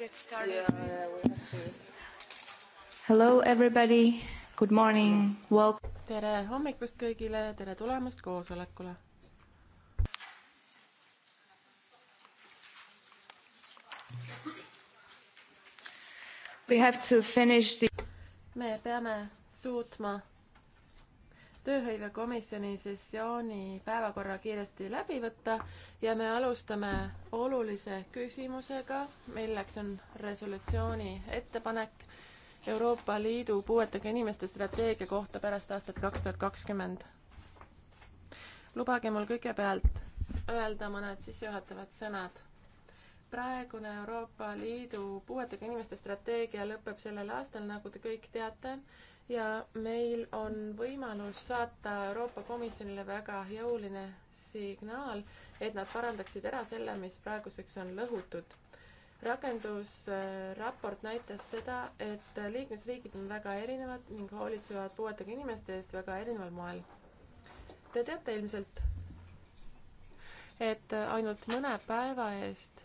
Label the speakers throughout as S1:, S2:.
S1: get started? Yeah, yeah, we have to.
S2: Hello everybody, good morning, welcome.
S1: tere hommikust kõigile, tere tulemast koosolekule.
S3: We have to finish the.
S2: me peame
S1: suutma tööhõivekomisjoni sessiooni päevakorra kiiresti läbi võtta ja me alustame olulise küsimusega, milleks on resolutsiooni ettepanek Euroopa Liidu puuetega inimeste strateegia kohta pärast aastat kaks tuhat kakskümmend. lubage mul kõigepealt öelda mõned sissejuhatavad sõnad praegune Euroopa Liidu puuetega inimeste strateegia lõpeb sellel aastal, nagu te kõik teate, ja meil on võimalus saata Euroopa Komisjonile väga jõuline signaal, et nad parandaksid ära selle, mis praeguseks on lõhutud. rakendusraport näitas seda, et liikmesriigid on väga erinevad ning hoolitsevad puuetega inimeste eest väga erineval moel. Te teate ilmselt, et ainult mõne päeva eest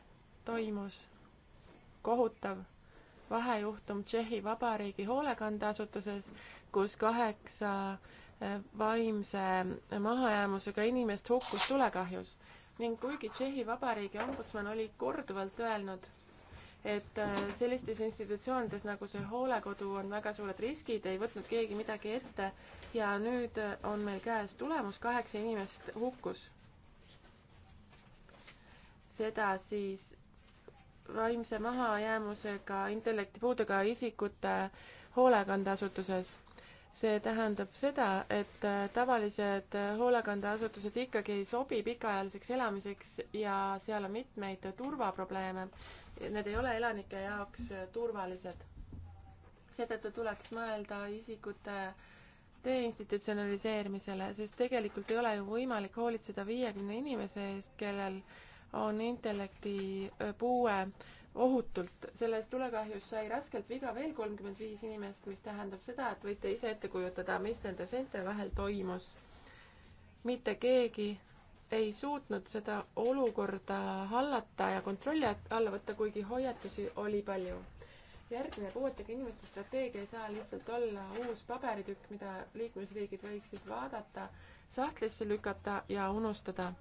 S1: toimus kohutav vahejuhtum Tšehhi Vabariigi hoolekandeasutuses, kus kaheksa eh, vaimse mahajäämusega inimest hukkus tulekahjus ning kuigi Tšehhi Vabariigi ombudsman oli korduvalt öelnud, et eh, sellistes institutsioonides, nagu see hoolekodu, on väga suured riskid, ei võtnud keegi midagi ette ja nüüd on meil käes tulemus, kaheksa inimest hukkus. seda siis vaimse mahajäämusega intellektipuudega isikute hoolekandeasutuses. see tähendab seda, et äh, tavalised äh, hoolekandeasutused ikkagi ei sobi pikaajaliseks elamiseks ja seal on mitmeid turvaprobleeme. Need ei ole elanike jaoks äh, turvalised. seetõttu tuleks mõelda isikute deinstitutsionaliseerimisele, sest tegelikult ei ole ju võimalik hoolitseda viiekümne inimese eest, kellel on intellektipuue ohutult. selles tulekahjus sai raskelt viga veel kolmkümmend viis inimest, mis tähendab seda, et võite ise ette kujutada, mis nende seinte vahel toimus. mitte keegi ei suutnud seda olukorda hallata ja kontrolli alla võtta, kuigi hoiatusi oli palju. järgmine puuetega inimeste strateegia ei saa lihtsalt olla uus paberitükk, mida liikmesriigid võiksid vaadata, sahtlisse lükata ja unustada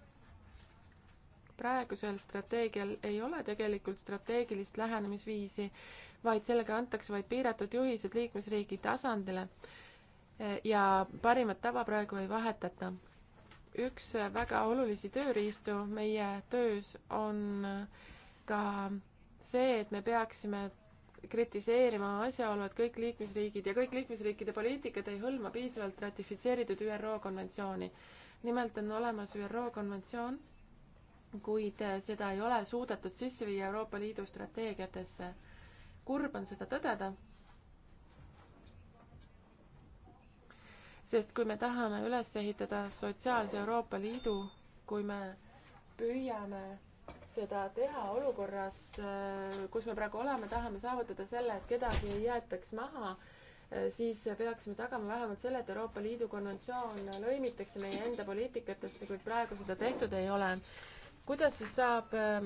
S1: praegusel strateegial ei ole tegelikult strateegilist lähenemisviisi, vaid sellega antakse vaid piiratud juhised liikmesriigi tasandile eh, ja parimat tava praegu ei vahetata. üks väga olulisi tööriistu meie töös on ka see, et me peaksime kritiseerima asjaolu, et kõik liikmesriigid ja kõik liikmesriikide poliitikad ei hõlma piisavalt ratifitseeritud ÜRO konventsiooni. nimelt on olemas ÜRO konventsioon kuid äh, seda ei ole suudetud sisse viia Euroopa Liidu strateegiatesse. kurb on seda tõdeda. sest kui me tahame üles ehitada sotsiaalse Euroopa Liidu, kui me püüame seda teha olukorras, äh, kus me praegu oleme, tahame saavutada selle, et kedagi ei jäetaks maha, äh, siis peaksime tagama vähemalt selle, et Euroopa Liidu konventsioon lõimitakse meie enda poliitikatesse, kuid praegu seda tehtud ei ole kuidas siis saab, ähm,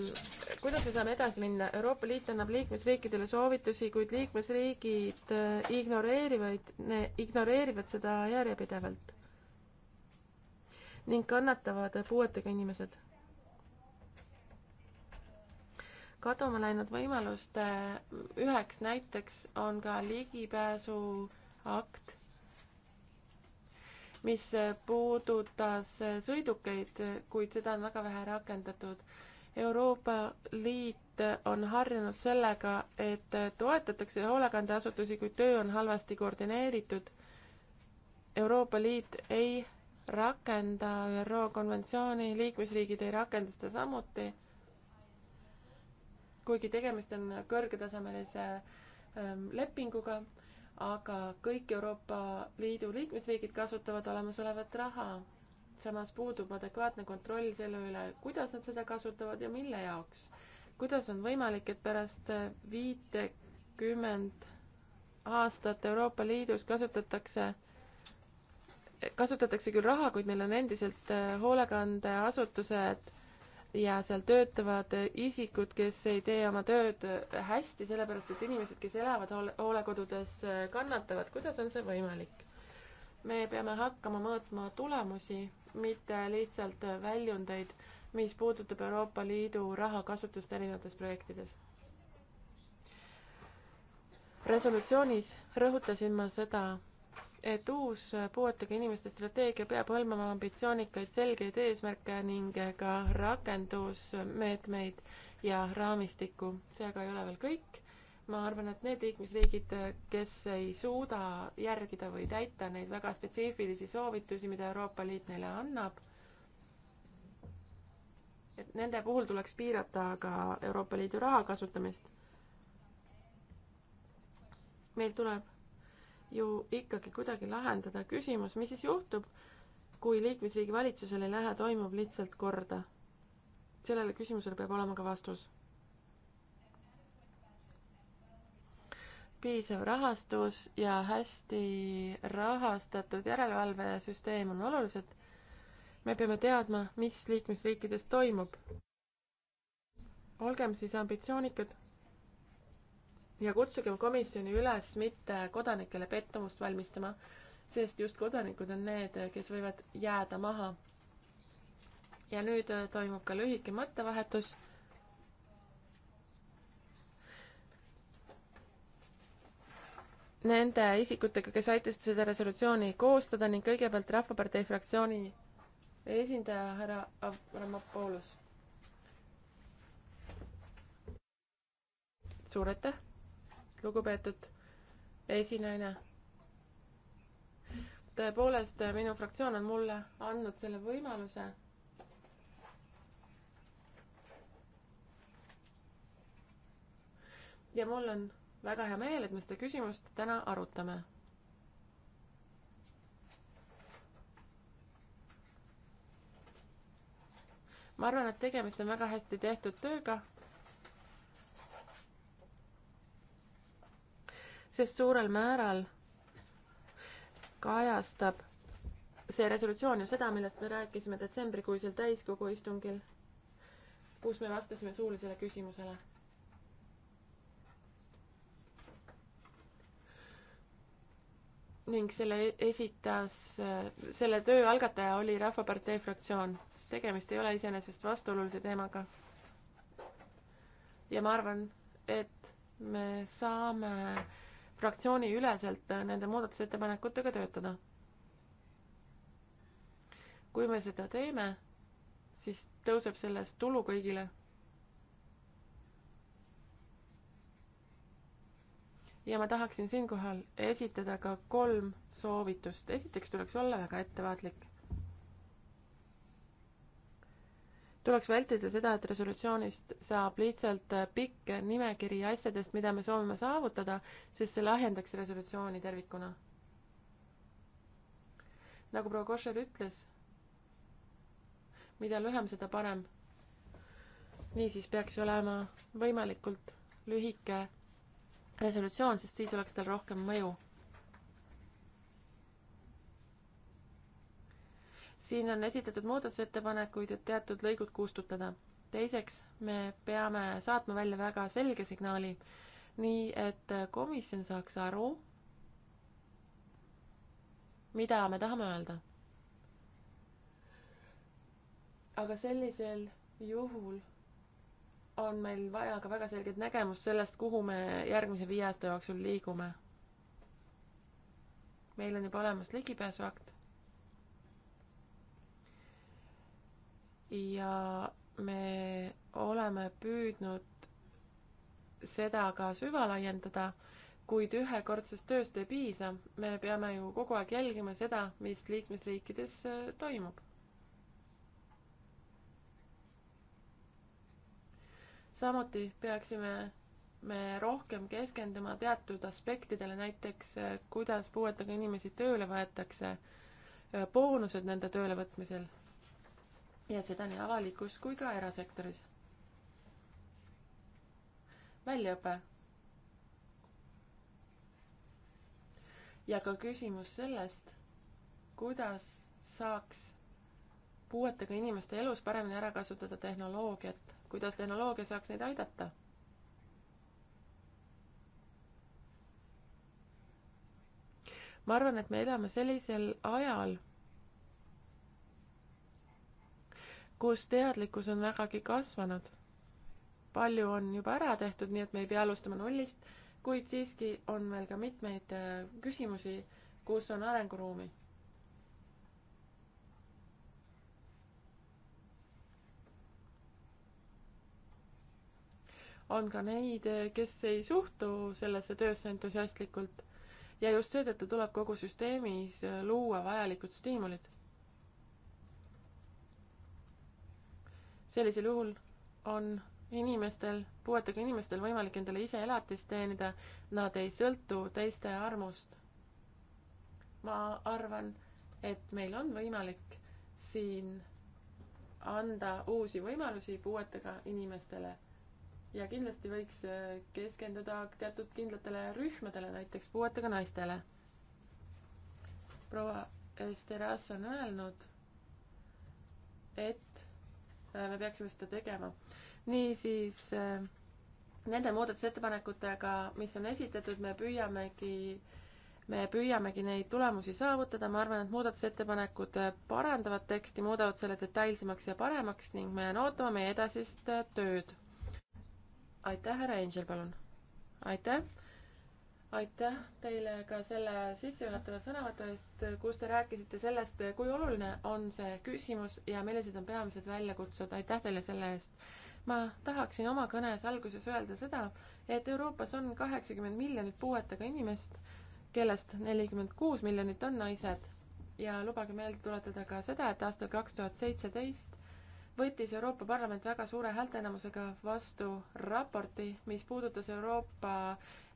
S1: kuidas me saame edasi minna? Euroopa Liit annab liikmesriikidele soovitusi, kuid liikmesriigid äh, ignoreerivad, ignoreerivad seda järjepidevalt ning kannatavad puuetega inimesed. kaduma läinud võimaluste üheks näiteks on ka ligipääsuakt mis puudutas sõidukeid, kuid seda on väga vähe rakendatud. Euroopa Liit on harjunud sellega, et toetatakse hoolekandeasutusi, kuid töö on halvasti koordineeritud. Euroopa Liit ei rakenda ÜRO konventsiooni, liikmesriigid ei rakenda seda samuti, kuigi tegemist on kõrgetasemelise ähm, lepinguga aga kõik Euroopa Liidu liikmesriigid kasutavad olemasolevat raha. samas puudub adekvaatne kontroll selle üle, kuidas nad seda kasutavad ja mille jaoks. kuidas on võimalik, et pärast viitekümmend aastat Euroopa Liidus kasutatakse kasutatakse küll raha, kuid meil on endiselt eh, hoolekandeasutused ja seal töötavad isikud, kes ei tee oma tööd hästi, sellepärast et inimesed, kes elavad hoolekodudes, kannatavad. kuidas on see võimalik? me peame hakkama mõõtma tulemusi, mitte lihtsalt väljundeid, mis puudutab Euroopa Liidu raha kasutust erinevates projektides. resolutsioonis rõhutasin ma seda, et uus puuetega inimeste strateegia peab hõlmama ambitsioonikaid selgeid eesmärke ning ka rakendusmeetmeid ja raamistikku. see aga ei ole veel kõik. ma arvan, et need liikmesriigid, kes ei suuda järgida või täita neid väga spetsiifilisi soovitusi, mida Euroopa Liit neile annab, et nende puhul tuleks piirata ka Euroopa Liidu raha kasutamist. meil tuleb ju ikkagi kuidagi lahendada küsimus, mis siis juhtub, kui liikmesriigi valitsusel ei lähe toimuv lihtsalt korda. sellele küsimusele peab olema ka vastus. piisav rahastus ja hästi rahastatud järelevalvesüsteem on olulised. me peame teadma, mis liikmesriikides toimub. olgem siis ambitsioonikad ja kutsugem komisjoni üles mitte kodanikele pettumust valmistama, sest just kodanikud on need, kes võivad jääda maha. ja nüüd äh, toimub ka lühike mõttevahetus nende isikutega, kes aitasid seda resolutsiooni koostada ning kõigepealt Rahvapartei fraktsiooni esindaja härra Avramopoulos. suur aitäh lugupeetud esinaine. tõepoolest, minu fraktsioon on mulle andnud selle võimaluse. ja mul on väga hea meel, et me seda küsimust täna arutame. ma arvan, et tegemist on väga hästi tehtud tööga sest suurel määral kajastab see resolutsioon ju seda, millest me rääkisime detsembrikuisel täiskogu istungil, kus me vastasime suulisele küsimusele. ning selle esitas, selle töö algataja oli Rahvapartei fraktsioon. tegemist ei ole iseenesest vastuolulise teemaga. ja ma arvan, et me saame äh, fraktsiooniüleselt nende muudatusettepanekutega töötada. kui me seda teeme, siis tõuseb sellest tulu kõigile. ja ma tahaksin siinkohal esitada ka kolm soovitust. esiteks tuleks olla väga ettevaatlik tuleks vältida seda, et resolutsioonist saab lihtsalt äh, pikk nimekiri asjadest, mida me soovime saavutada, sest see lahjendaks resolutsiooni tervikuna. nagu proua Košer ütles, mida lühem, seda parem. niisiis peaks olema võimalikult lühike resolutsioon, sest siis oleks tal rohkem mõju siin on esitatud muudatusettepanekuid, et teatud lõigud kustutada. teiseks, me peame saatma välja väga selge signaali, nii et komisjon saaks aru, mida me tahame öelda. aga sellisel juhul on meil vaja ka väga selget nägemust sellest, kuhu me järgmise viie aasta jooksul liigume. meil on juba olemas ligipääsuakt ja me oleme püüdnud seda ka süvalaiendada, kuid ühekordsest tööst ei piisa, me peame ju kogu aeg jälgima seda, mis liikmesriikides äh, toimub. samuti peaksime me rohkem keskenduma teatud aspektidele, näiteks äh, kuidas puuetega inimesi tööle võetakse, äh, boonused nende töölevõtmisel ja seda nii avalikus kui ka erasektoris. väljaõpe. ja ka küsimus sellest, kuidas saaks puuetega inimeste elus paremini ära kasutada tehnoloogiat, kuidas tehnoloogia saaks neid aidata? ma arvan, et me elame sellisel ajal kus teadlikkus on vägagi kasvanud. palju on juba ära tehtud, nii et me ei pea alustama nullist, kuid siiski on veel ka mitmeid äh, küsimusi, kus on arenguruumi. on ka neid, äh, kes ei suhtu sellesse töösse entusiastlikult ja just seetõttu tuleb kogu süsteemis äh, luua vajalikud stiimulid sellisel juhul on inimestel, puuetega inimestel võimalik endale ise elatist teenida, nad ei sõltu teiste armust. ma arvan, et meil on võimalik siin anda uusi võimalusi puuetega inimestele ja kindlasti võiks äh, keskenduda teatud kindlatele rühmadele, näiteks puuetega naistele. proua Esteras on öelnud, et Äh, me peaksime seda tegema. niisiis äh, nende muudatusettepanekutega, mis on esitatud, me püüamegi, me püüamegi neid tulemusi saavutada, ma arvan, et muudatusettepanekud äh, parandavad teksti, muudavad selle detailsemaks ja paremaks ning ma jään ootama meie edasist tööd. aitäh, härra Angel, palun! aitäh! aitäh teile ka selle sissejuhatava sõnavõtu eest, kus te rääkisite sellest, kui oluline on see küsimus ja millised on peamised väljakutsed. aitäh teile selle eest. ma tahaksin oma kõnes alguses öelda seda, et Euroopas on kaheksakümmend miljonit puuetega inimest, kellest nelikümmend kuus miljonit on naised. ja lubage meelde tuletada ka seda, et aastal kaks tuhat seitseteist võttis Euroopa Parlament väga suure häälteenamusega vastu raporti, mis puudutas Euroopa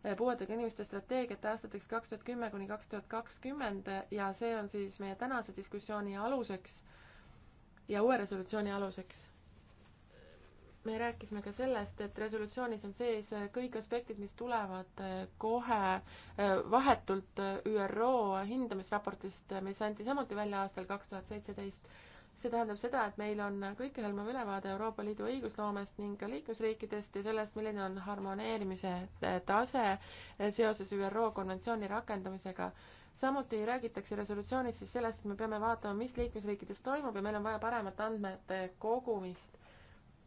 S1: Eh, puuetega inimeste strateegiat aastateks kaks tuhat kümme kuni kaks tuhat kakskümmend ja see on siis meie tänase diskussiooni aluseks ja uue resolutsiooni aluseks. me rääkisime ka sellest, et resolutsioonis on sees kõik aspektid, mis tulevad eh, kohe eh, vahetult ÜRO hindamisraportist, mis anti samuti välja aastal kaks tuhat seitseteist see tähendab seda, et meil on kõikehõlmav ülevaade Euroopa Liidu õigusloomest ning ka liikmesriikidest ja sellest, milline on harmoneerimise tase seoses ÜRO konventsiooni rakendamisega. samuti räägitakse resolutsioonis siis sellest, et me peame vaatama, mis liikmesriikides toimub ja meil on vaja paremat andmete kogumist.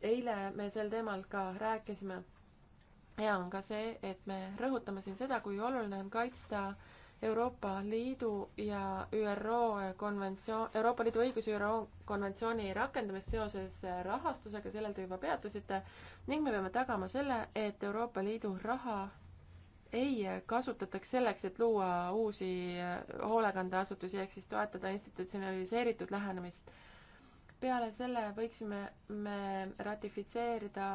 S1: eile me sel teemal ka rääkisime. hea on ka see, et me rõhutame siin seda, kui oluline on kaitsta äh, Euroopa Liidu ja ÜRO konventsioon, Euroopa Liidu õigus ÜRO konventsiooni rakendamist seoses rahastusega, sellel te juba peatusite, ning me peame tagama selle, et Euroopa Liidu raha ei kasutataks selleks, et luua uusi äh, hoolekandeasutusi, ehk siis toetada institutsionaliseeritud lähenemist peale selle võiksime me ratifitseerida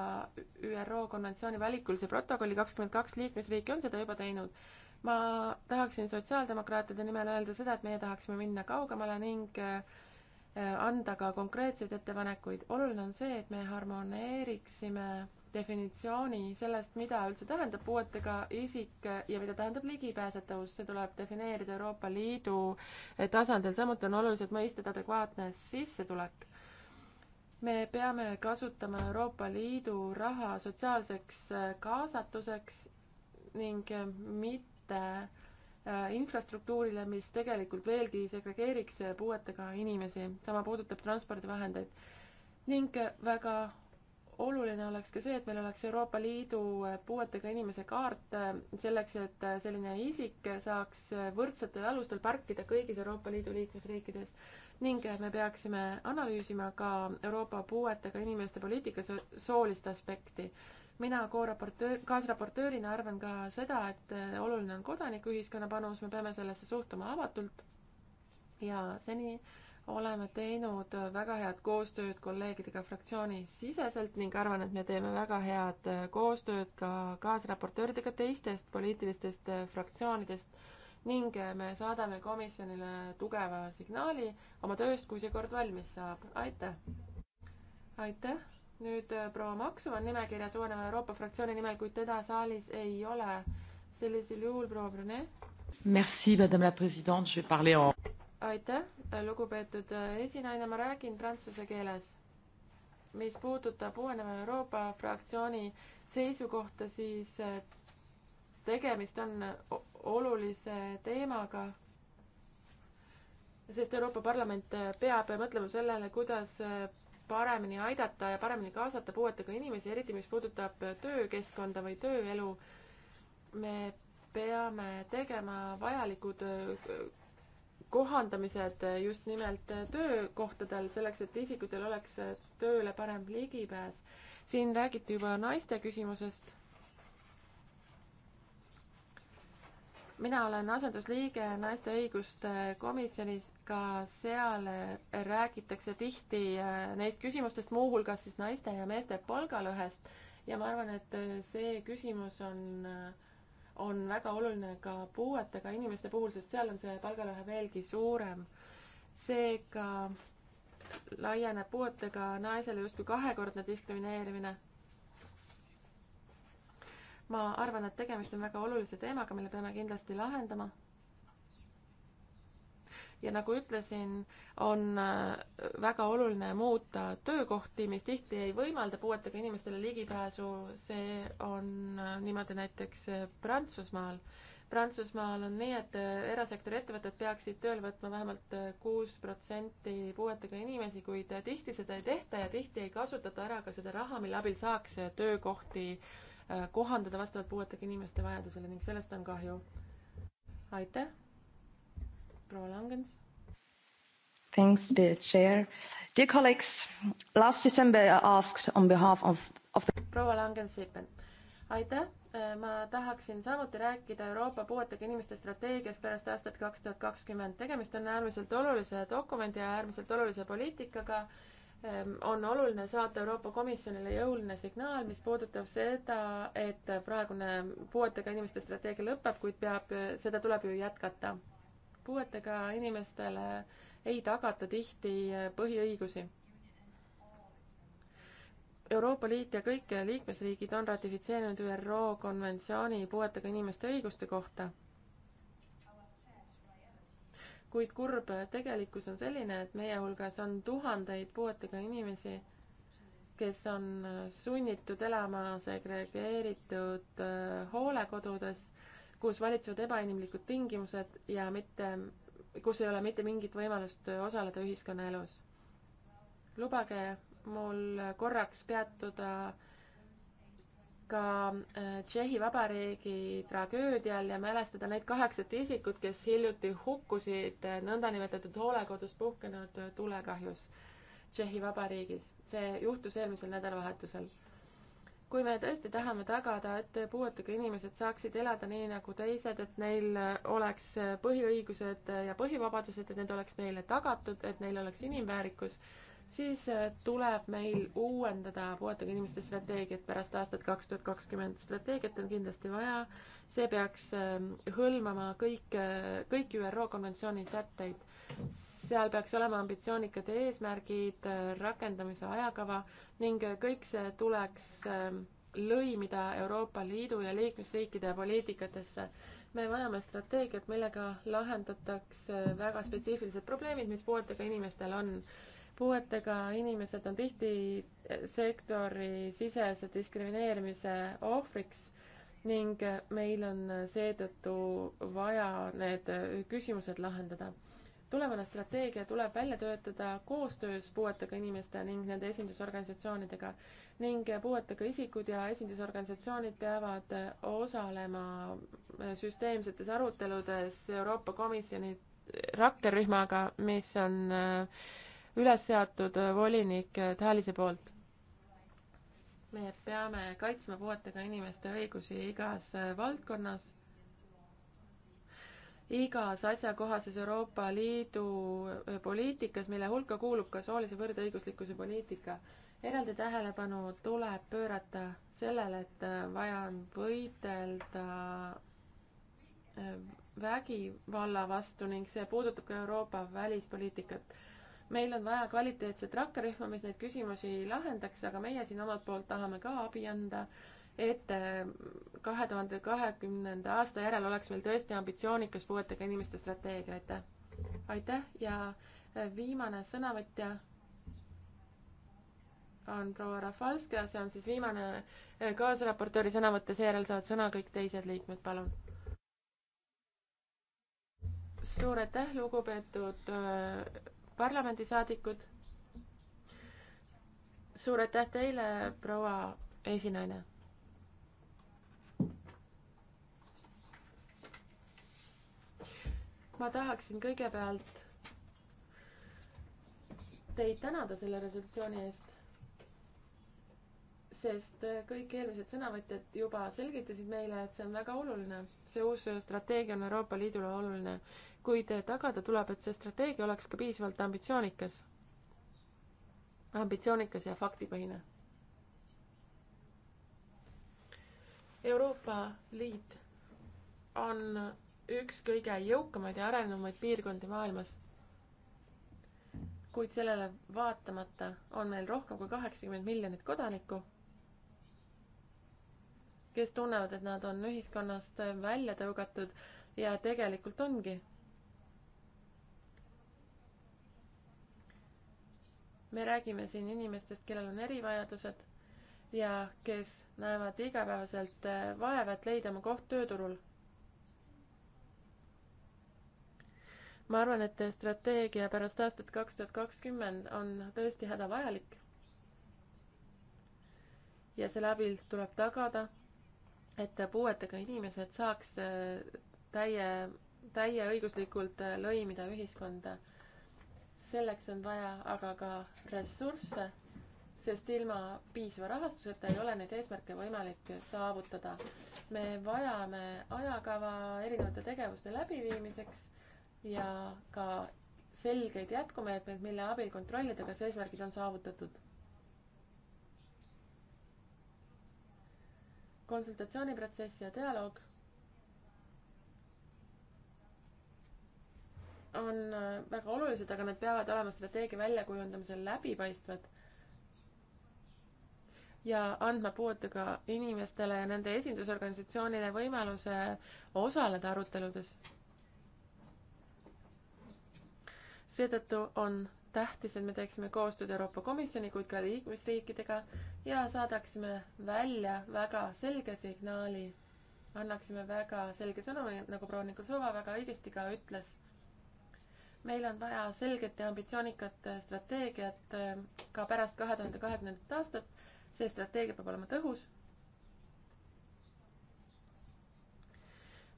S1: ÜRO konventsiooni välikulise protokolli, kakskümmend kaks liikmesriiki on seda juba teinud ma tahaksin sotsiaaldemokraatide nimel öelda seda, et meie tahaksime minna kaugemale ning äh, anda ka konkreetseid ettepanekuid. oluline on see, et me harmoneeriksime definitsiooni sellest, mida üldse tähendab puuetega isik ja mida tähendab ligipääsetavus, see tuleb defineerida Euroopa Liidu äh, tasandil, samuti on oluliselt mõisted adekvaatne sissetulek. me peame kasutama Euroopa Liidu raha sotsiaalseks äh, kaasatuseks ning mit-, mõte äh, infrastruktuurile, mis tegelikult veelgi segregeeriks äh, puuetega inimesi, sama puudutab transpordivahendeid. ning äh, väga oluline oleks ka see, et meil oleks Euroopa Liidu puuetega inimese kaart selleks, et selline isik saaks võrdsetel alustel parkida kõigis Euroopa Liidu liikmesriikides ning me peaksime analüüsima ka Euroopa puuetega inimeste poliitika soolist aspekti mina koraportöör, kaasraportöörina arvan ka seda, et äh, oluline on kodanikuühiskonna panus, me peame sellesse suhtuma avatult ja seni oleme teinud väga head koostööd kolleegidega fraktsiooni siseselt ning arvan, et me teeme väga head äh, koostööd ka kaasraportööridega teistest poliitilistest äh, fraktsioonidest ning me saadame komisjonile tugeva signaali oma tööst, kui see kord valmis saab. aitäh! aitäh! nüüd äh, proua Maksu on nimekirjas uueneva Euroopa fraktsiooni nimel, kuid teda saalis ei ole. sellisel juhul proua Brune. Merci, madame la president, je vais parler en. aitäh, äh, lugupeetud äh, esinaine, ma räägin prantsuse keeles. mis puudutab uueneva Euroopa fraktsiooni seisukohta, siis tegemist on olulise teemaga sest Euroopa Parlament peab mõtlema sellele, kuidas paremini aidata ja paremini kaasata puuetega inimesi, eriti mis puudutab töökeskkonda või tööelu. me peame tegema vajalikud äh, kohandamised just nimelt töökohtadel, selleks et isikutel oleks tööle parem ligipääs. siin räägiti juba naiste küsimusest mina olen asendusliige naiste õiguste komisjonis, ka seal eh, räägitakse tihti eh, neist küsimustest, muuhulgas siis naiste ja meeste palgalõhest ja ma arvan, et eh, see küsimus on, on väga oluline ka puuetega inimeste puhul, sest seal on see palgalõhe veelgi suurem. seega laieneb puuetega naisele justkui kahekordne diskrimineerimine ma arvan, et tegemist on väga olulise teemaga, mille peame kindlasti lahendama. ja nagu ütlesin, on äh, väga oluline muuta töökohti, mis tihti ei võimalda puuetega inimestele ligipääsu, see on äh, niimoodi näiteks äh, Prantsusmaal. Prantsusmaal on nii, et erasektori ettevõtted peaksid tööle võtma vähemalt kuus protsenti puuetega inimesi, kuid tihti seda ei tehta ja tihti ei kasutata ära ka seda raha, mille abil saaks töökohti äh, Äh, kohandada vastavalt puuetega inimeste vajadusele ning sellest on kahju. aitäh, proua Langens.
S2: Thanks, dear chair. Dear colleagues, last December I asked on behalf of,
S1: of the proua Langens-Sippen, aitäh äh, ma tahaksin samuti rääkida Euroopa puuetega inimeste strateegiast pärast aastat kaks tuhat kakskümmend. tegemist on äärmiselt olulise dokumendi ja äärmiselt olulise poliitikaga Ehm, on oluline saata Euroopa Komisjonile jõuline signaal, mis puudutab seda, et praegune puuetega inimeste strateegia lõpeb, kuid peab, seda tuleb ju jätkata. puuetega inimestele ei tagata tihti põhiõigusi. Euroopa Liit ja kõik liikmesriigid on ratifitseerinud ÜRO konventsiooni puuetega inimeste õiguste kohta kuid kurb tegelikkus on selline, et meie hulgas on tuhandeid puuetega inimesi, kes on sunnitud elama segregeeritud äh, hoolekodudes, kus valitsevad ebainimlikud tingimused ja mitte, kus ei ole mitte mingit võimalust osaleda ühiskonnaelus. lubage mul korraks peatuda äh, ka äh, Tšehhi Vabariigi tragöödial ja mälestada neid kaheksat isikut, kes hiljuti hukkusid äh, nõndanimetatud hoolekodus puhkenud äh, tulekahjus Tšehhi Vabariigis. see juhtus eelmisel nädalavahetusel. kui me tõesti tahame tagada, et puuetega inimesed saaksid elada nii nagu teised, et neil oleks põhiõigused ja põhivabadused, et need oleks neile tagatud, et neil oleks inimväärikus siis äh, tuleb meil uuendada puuetega inimeste strateegiat pärast aastat kaks tuhat kakskümmend. strateegiat on kindlasti vaja, see peaks ähm, hõlmama kõik, äh, kõiki ÜRO konventsiooni sätteid. seal peaks olema ambitsioonikad eesmärgid, äh, rakendamise ajakava ning kõik see tuleks ähm, lõimida Euroopa Liidu ja liikmesriikide poliitikatesse me vajame strateegiat, millega lahendatakse väga spetsiifilised probleemid, mis puuetega inimestel on puuetega inimesed on tihti sektori sisese diskrimineerimise ohvriks ning meil on seetõttu vaja need küsimused lahendada. tulevane strateegia tuleb välja töötada koostöös puuetega inimeste ning nende esindusorganisatsioonidega ning puuetega isikud ja esindusorganisatsioonid peavad osalema süsteemsetes aruteludes Euroopa Komisjoni rakkerühmaga, mis on äh, üles seatud äh, volinik äh, Talise poolt. me peame kaitsma puuetega inimeste õigusi igas äh, valdkonnas, igas asjakohases Euroopa Liidu poliitikas, mille hulka kuulub ka soolise võrdõiguslikkuse poliitika eraldi tähelepanu tuleb pöörata sellele, et vaja on võidelda vägivalla vastu ning see puudutab ka Euroopa välispoliitikat meil on vaja kvaliteetset rakkerühma, mis neid küsimusi lahendaks, aga meie siin omalt poolt tahame ka abi anda, et äh, kahe tuhande kahekümnenda aasta järel oleks meil tõesti ambitsioonikas puuetega inimeste strateegia, aitäh! aitäh ja äh, viimane sõnavõtja on proua Rafalska, see on siis viimane äh, kaasraportööri sõnavõtt ja seejärel saavad sõna kõik teised liikmed, palun. suur aitäh, lugupeetud parlamendisaadikud. suur aitäh teile, proua esinaine. ma tahaksin kõigepealt teid tänada selle resolutsiooni eest sest kõik eelmised sõnavõtjad juba selgitasid meile, et see on väga oluline. see uus strateegia on Euroopa Liidule oluline kuid tagada tuleb, et see strateegia oleks ka piisavalt ambitsioonikas. ambitsioonikas ja faktipõhine. Euroopa Liit on üks kõige jõukamaid ja arenenumaid piirkondi maailmas. kuid sellele vaatamata on meil rohkem kui kaheksakümmend miljonit kodanikku, kes tunnevad, et nad on ühiskonnast välja tõugatud ja tegelikult ongi me räägime siin inimestest, kellel on erivajadused ja kes näevad igapäevaselt äh, vaeva, et leida oma koht tööturul. ma arvan, et strateegia pärast aastat kaks tuhat kakskümmend on tõesti hädavajalik. ja selle abil tuleb tagada, et puuetega inimesed saaks äh, täie, täieõiguslikult äh, lõimida ühiskonda selleks on vaja aga ka ressursse, sest ilma piisava rahastuseta ei ole neid eesmärke võimalik saavutada. me vajame ajakava erinevate tegevuste läbiviimiseks ja ka selgeid jätkumeetmeid, mille abil kontrollida, kas eesmärgid on saavutatud. konsultatsiooniprotsess ja dialoog on äh, väga olulised, aga nad peavad olema strateegia väljakujundamisel läbipaistvad ja andma puuetega inimestele ja nende esindusorganisatsioonile võimaluse osaleda aruteludes. seetõttu on tähtis, et me teeksime koostööd Euroopa Komisjoni, kuid ka liikmesriikidega ja saadaksime välja väga selge signaali. annaksime väga selge sõnumi, nagu proua Nikolsova väga õigesti ka ütles meil on vaja selget ja ambitsioonikat äh, strateegiat äh, ka pärast kahe tuhande kahekümnendat aastat. see strateegia peab olema tõhus.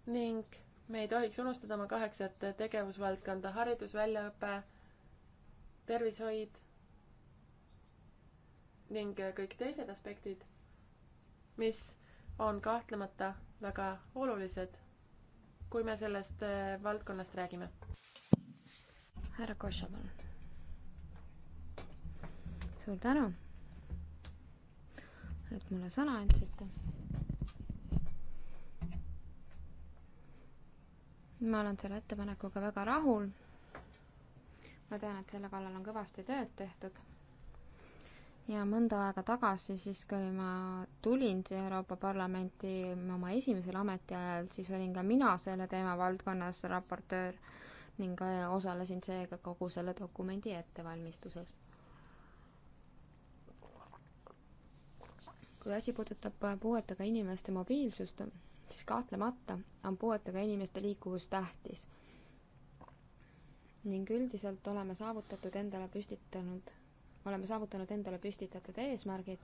S1: ning me ei tohiks unustada oma kaheksat tegevusvaldkonda, haridus, väljaõpe, tervishoid ning äh, kõik teised aspektid, mis on kahtlemata väga olulised, kui me sellest valdkonnast räägime
S2: härra Koša, palun. suur tänu, et mulle sõna andsite. ma olen selle ettepanekuga väga rahul. ma tean, et selle kallal on kõvasti tööd tehtud. ja mõnda aega tagasi, siis kui ma tulin siia Euroopa Parlamenti oma esimesel ametiajal, siis olin ka mina selle teema valdkonnas raportöör ning äh, osalesin seega kogu selle dokumendi ettevalmistuses. kui asi puudutab äh, puuetega inimeste mobiilsust, siis kahtlemata on puuetega inimeste liikuvus tähtis. ning üldiselt oleme saavutatud endale püstitanud, oleme saavutanud endale püstitatud eesmärgid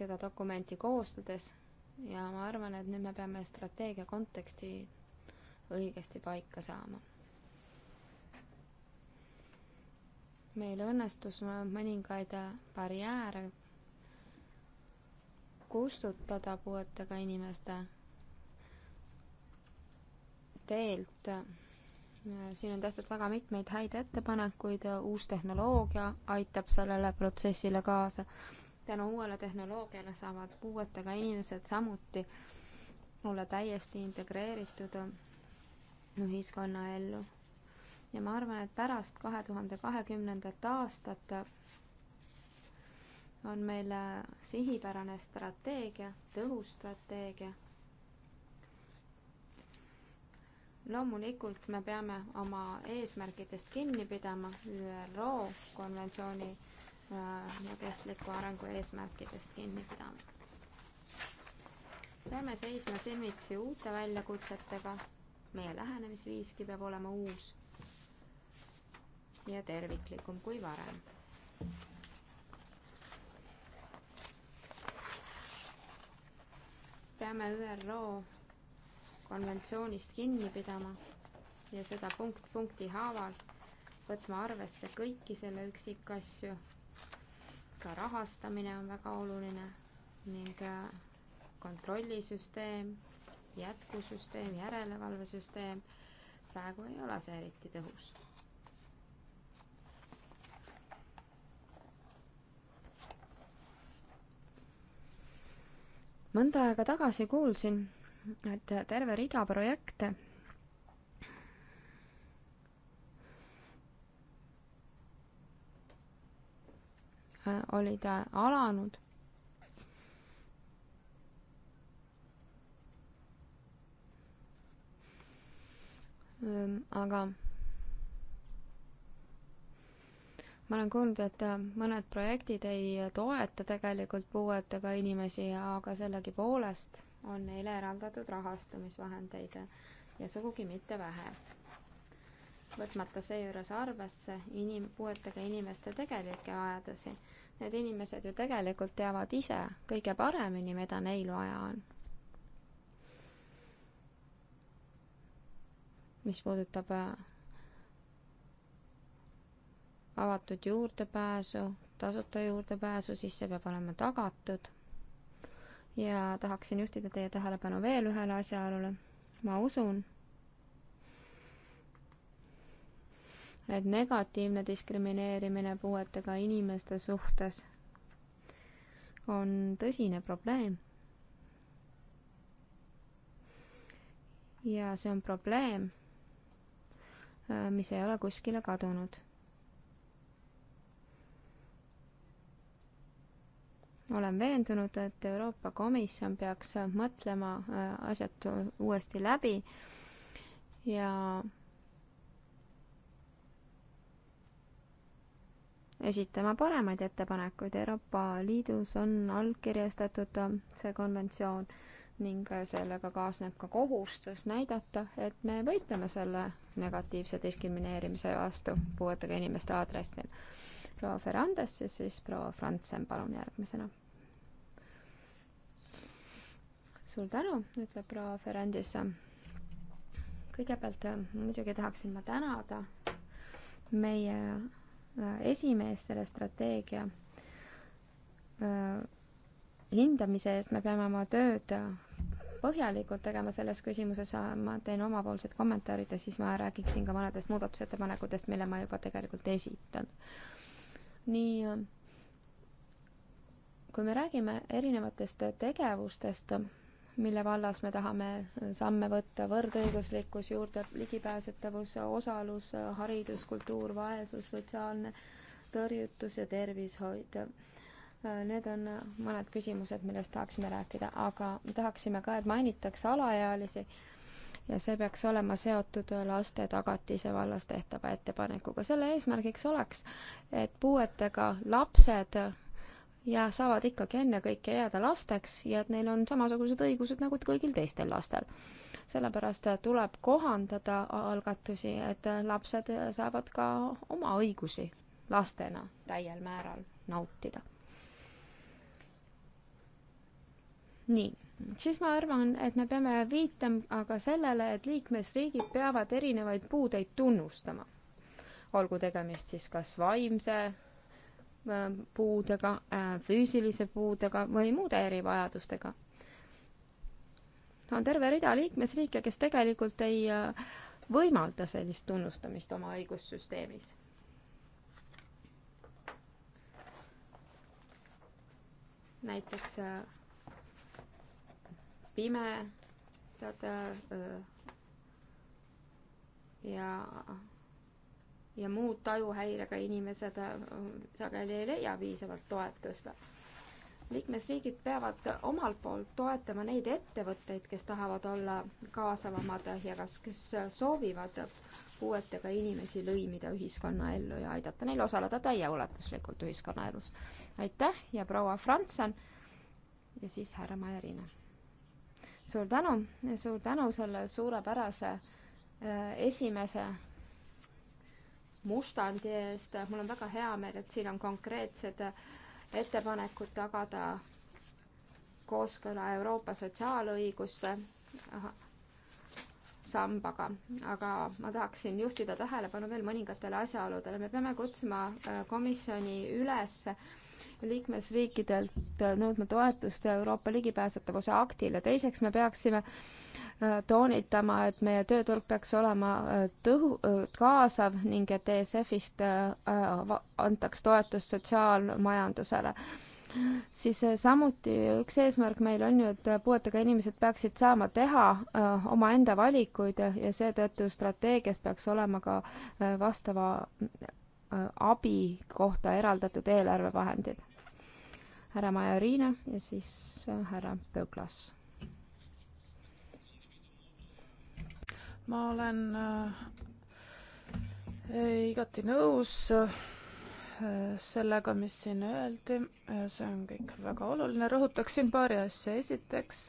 S2: seda dokumenti koostades ja ma arvan, et nüüd me peame strateegia konteksti õigesti paika saama. meil õnnestus mõningaid barjääre kustutada puuetega inimeste teelt. siin on tehtud väga mitmeid häid ettepanekuid, uus tehnoloogia aitab sellele protsessile kaasa tänu uuele tehnoloogiale saavad puuetega inimesed samuti olla täiesti integreeritud ühiskonnaellu. ja ma arvan, et pärast kahe tuhande kahekümnendat aastat on meil sihipärane strateegia, tõhus strateegia. loomulikult me peame oma eesmärkidest kinni pidama, ÜRO konventsiooni Äh, ja kestliku arengu eesmärkidest kinni pidama. peame seisma silmitsi uute väljakutsetega, meie lähenemisviiski peab olema uus ja terviklikum kui varem. peame ÜRO konventsioonist kinni pidama ja seda punkt punkti haaval võtma arvesse kõiki selle üksikasju ka rahastamine on väga oluline ning äh, kontrollisüsteem, jätkusüsteem, järelevalvesüsteem, praegu ei ole see eriti tõhus. mõnda aega tagasi kuulsin, et terve rida projekte Äh, olid äh, alanud. Ehm, aga ma olen kuulnud, et äh, mõned projektid ei toeta tegelikult puuetega inimesi, aga sellegipoolest on neile eraldatud rahastamisvahendeid ja sugugi mitte vähe võtmata seejuures arvesse inim-, puuetega inimeste tegelikke vajadusi. Need inimesed ju tegelikult teavad ise kõige paremini, mida neil vaja on. mis puudutab äh, avatud juurdepääsu, tasuta juurdepääsu, siis see peab olema tagatud. ja tahaksin juhtida teie tähelepanu veel ühele asjaolule. ma usun, et negatiivne diskrimineerimine puuetega inimeste suhtes on tõsine probleem. ja see on probleem, mis ei ole kuskile kadunud. olen veendunud, et Euroopa Komisjon peaks mõtlema äh, asjad uuesti läbi ja esitama paremaid ettepanekuid. Euroopa Liidus on allkirjastatud see konventsioon ning sellega kaasneb ka kohustus näidata, et me võitleme selle negatiivse diskrimineerimise vastu puuetega inimeste aadressil. proua Ferrandes ja siis proua Frantsen, palun järgmisena. suur tänu, ütleb proua Ferrandes. kõigepealt äh, muidugi tahaksin ma tänada meie esimees selle strateegia äh, hindamise eest, me peame oma tööd põhjalikult tegema selles küsimuses, ma teen omapoolsed kommentaarid ja siis ma räägiksin ka mõnedest muudatusettepanekutest, mille ma juba tegelikult esitan. nii, äh, kui me räägime erinevatest tegevustest, mille vallas me tahame samme võtta, võrdõiguslikkus, juurde ligipääsetavus, osalus, haridus, kultuur, vaesus, sotsiaalne tõrjutus ja tervishoid. Need on mõned küsimused, millest tahaksime rääkida, aga tahaksime ka, et mainitaks alaealisi ja see peaks olema seotud laste tagatise vallas tehtava ettepanekuga. selle eesmärgiks oleks, et puuetega lapsed ja saavad ikkagi ennekõike jääda lasteks ja et neil on samasugused õigused nagu kõigil teistel lastel. sellepärast äh, tuleb kohandada algatusi, et äh, lapsed äh, saavad ka oma õigusi lastena täiel määral nautida. nii, siis ma arvan, et me peame viitama ka sellele, et liikmesriigid peavad erinevaid puudeid tunnustama. olgu tegemist siis kas vaimse Äh, puudega, äh, füüsilise puudega või muude erivajadustega. on terve rida liikmesriike, kes tegelikult ei äh, võimalda sellist tunnustamist oma õigussüsteemis. näiteks pimedad ja ja muud tajuhäirega inimesed äh, sageli ei leia piisavalt toetust. liikmesriigid peavad omalt poolt toetama neid ettevõtteid, kes tahavad olla kaasavamad ja kas, kes soovivad puuetega inimesi lõimida ühiskonnaellu ja aidata neil osaleda täieulatuslikult ühiskonnaelus. aitäh ja proua Franson ja siis härra Maerina. suur tänu, suur tänu selle suurepärase äh, esimese mustandi eest, mul on väga hea meel, et siin on konkreetsed ettepanekud tagada kooskõla Euroopa sotsiaalõiguste sambaga, aga ma tahaksin juhtida tähelepanu veel mõningatele asjaoludele. me peame kutsuma äh, komisjoni üles liikmesriikidelt nõudma toetust Euroopa ligipääsetavuse aktile. teiseks me peaksime Äh, toonitama, et meie tööturg peaks olema äh, tõhu-, äh, kaasav ning et ESF-ist antaks toetust sotsiaalmajandusele. siis samuti üks eesmärk meil on ju, et puuetega inimesed peaksid saama teha omaenda valikuid ja seetõttu strateegias peaks olema ka vastava abi kohta eraldatud eelarvevahendid. härra Majoriina ja siis härra Pöklas ma olen äh, igati
S3: nõus äh, sellega, mis siin öeldi, äh, see on kõik väga oluline, rõhutaksin paari asja, esiteks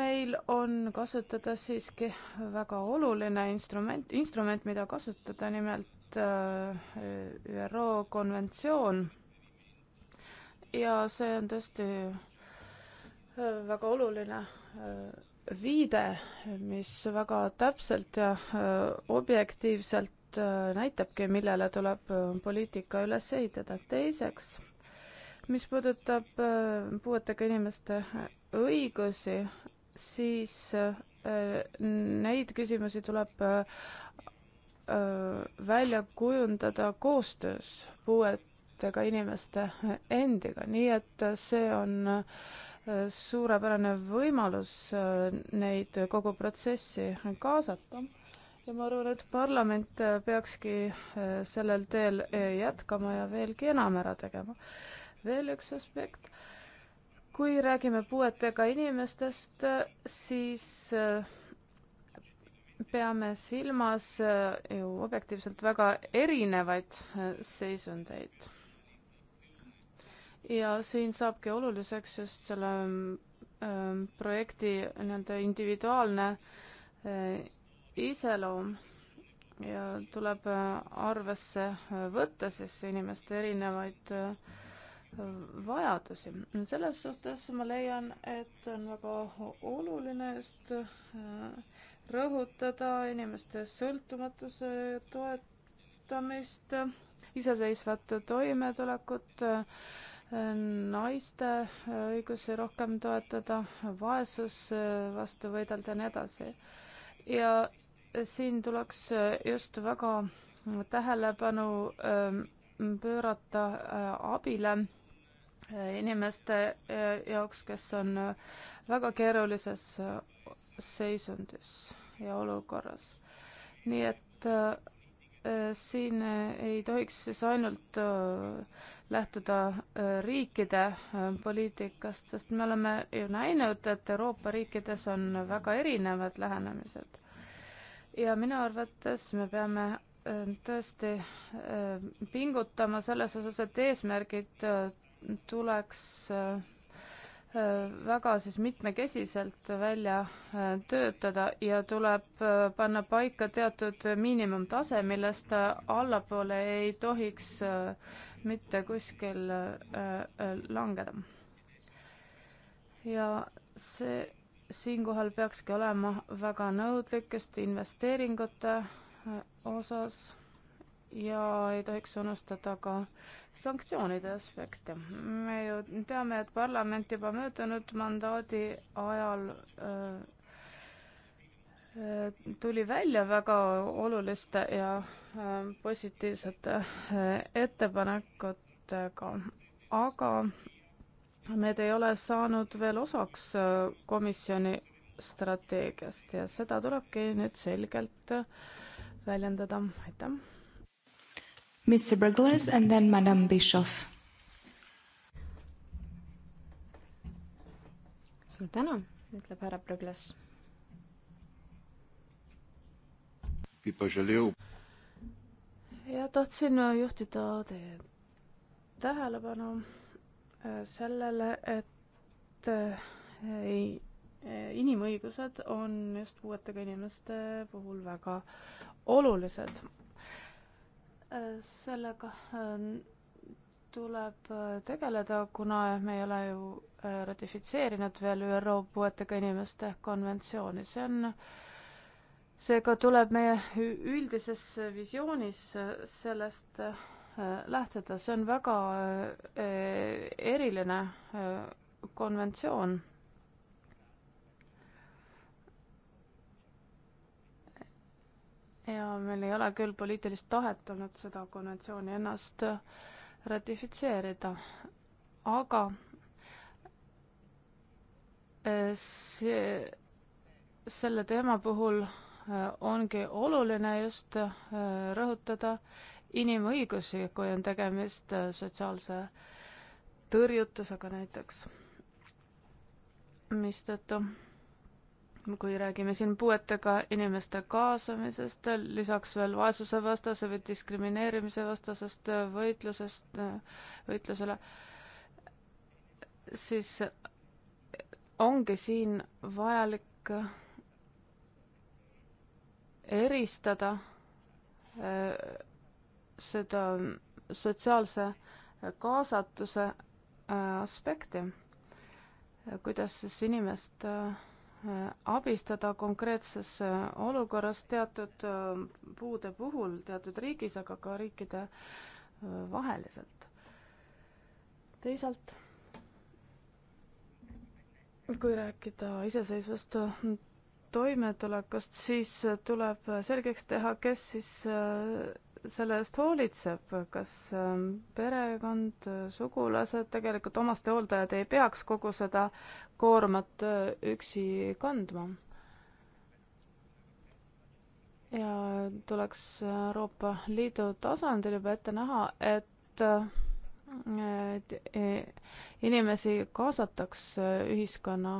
S3: meil on kasutada siiski väga oluline instrument, instrument, mida kasutada, nimelt ÜRO konventsioon. ja see on tõesti väga oluline viide, mis väga täpselt ja äh, objektiivselt äh, näitabki, millele tuleb äh, poliitika üles ehitada. teiseks, mis puudutab puuetega inimeste õigusi, siis neid küsimusi tuleb välja kujundada koostöös puuetega inimeste endiga, nii et see on äh, suurepärane võimalus äh, neid kogu protsessi kaasata ja ma arvan, et parlament äh, peakski äh, sellel teel jätkama ja veelgi enam ära tegema. veel üks aspekt, kui räägime puuetega inimestest, siis peame silmas ju objektiivselt väga erinevaid seisundeid ja siin saabki oluliseks just selle ähm, projekti nii-öelda individuaalne äh, iseloom ja tuleb äh, arvesse äh, võtta siis inimeste erinevaid äh, vajadusi. selles suhtes ma leian, et on väga oluline just rõhutada inimeste sõltumatuse toetamist, iseseisvat toimetulekut, naiste õigusi rohkem toetada, vaesus äh, vastu võidelda ja nii edasi. ja siin tuleks äh, just väga tähelepanu ähm, pöörata äh, abile inimeste jaoks, kes on väga keerulises seisundis ja olukorras. nii et Äh, siin äh, ei tohiks siis ainult äh, lähtuda riikide poliitikast, sest me oleme ju näinud, et Euroopa riikides on väga erinevad lähenemised. ja minu arvates me peame tõesti pingutama selles osas, et eesmärgid tuleks Äh, väga siis mitmekesiselt välja äh, töötada ja tuleb äh, panna paika teatud miinimumtase, millest allapoole ei tohiks mitte kuskil langeda. ja see siinkohal peakski olema väga nõudlik just investeeringute osas ja ei tohiks unustada ka äh, sanktsioonide aspekte. me ju teame, et parlament juba möödunud mandaadi ajal äh, tuli välja väga oluliste ja äh, positiivsete äh, ettepanekutega, aga need ei ole saanud veel osaks äh, komisjoni strateegiast ja seda tulebki nüüd selgelt äh, väljendada. aitäh!
S2: Mr Burgles and then Madam Bischoff. suur tänu, ütleb härra Burgles.
S3: ja tahtsin juhtida teie tähelepanu äh, sellele, et äh, ei äh, inimõigused on just puuetega inimeste puhul väga olulised sellega äh, tuleb äh, tegeleda, kuna me ei ole ju äh, ratifitseerinud veel ÜRO puuetega inimeste konventsiooni, see on seega tuleb meie üldises visioonis sellest lähtuda, see on väga eriline konventsioon ja meil ei ole küll poliitilist tahet olnud seda konventsiooni ennast äh, ratifitseerida, aga äh, see, selle teema puhul äh, ongi oluline just rõhutada inimõigusi, kui on tegemist sotsiaalse tõrjutusega näiteks, mistõttu kui räägime siin puuetega inimeste kaasamisest, lisaks veel vaesusevastase või diskrimineerimise vastasest võitlusest, võitlusele, siis ongi siin vajalik eristada äh, seda sotsiaalse kaasatuse äh, aspekti, kuidas siis inimest äh, Äh, abistada konkreetses äh, olukorras teatud äh, puude puhul teatud riigis, aga ka riikide vaheliselt. teisalt, kui rääkida iseseisvast toimetulekust, siis tuleb selgeks teha, kes siis selle eest hoolitseb, kas ähm, perekond, sugulased, tegelikult omastehooldajad ei peaks kogu seda koormat äh, üksi kandma? ja tuleks Euroopa Liidu tasandil juba ette näha, et et äh, inimesi kaasataks äh, ühiskonna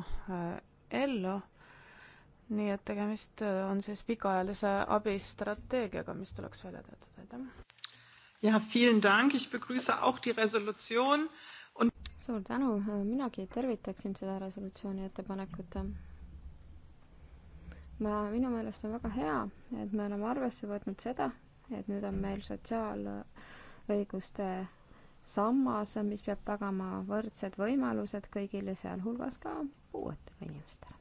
S3: ellu nii et tegemist äh, on siis pikaajalise abistrateegiaga, mis tuleks välja töötada, aitäh.
S1: ja, vielen dank, ich begrüße auch die resolutsioon
S2: und.... suur tänu, äh, minagi tervitaksin seda resolutsiooni ettepanekut. ma, minu meelest on väga hea, et me oleme arvesse võtnud seda, et nüüd on meil sotsiaalõiguste sammas, mis peab tagama võrdsed võimalused kõigile, sealhulgas ka puuetega inimestele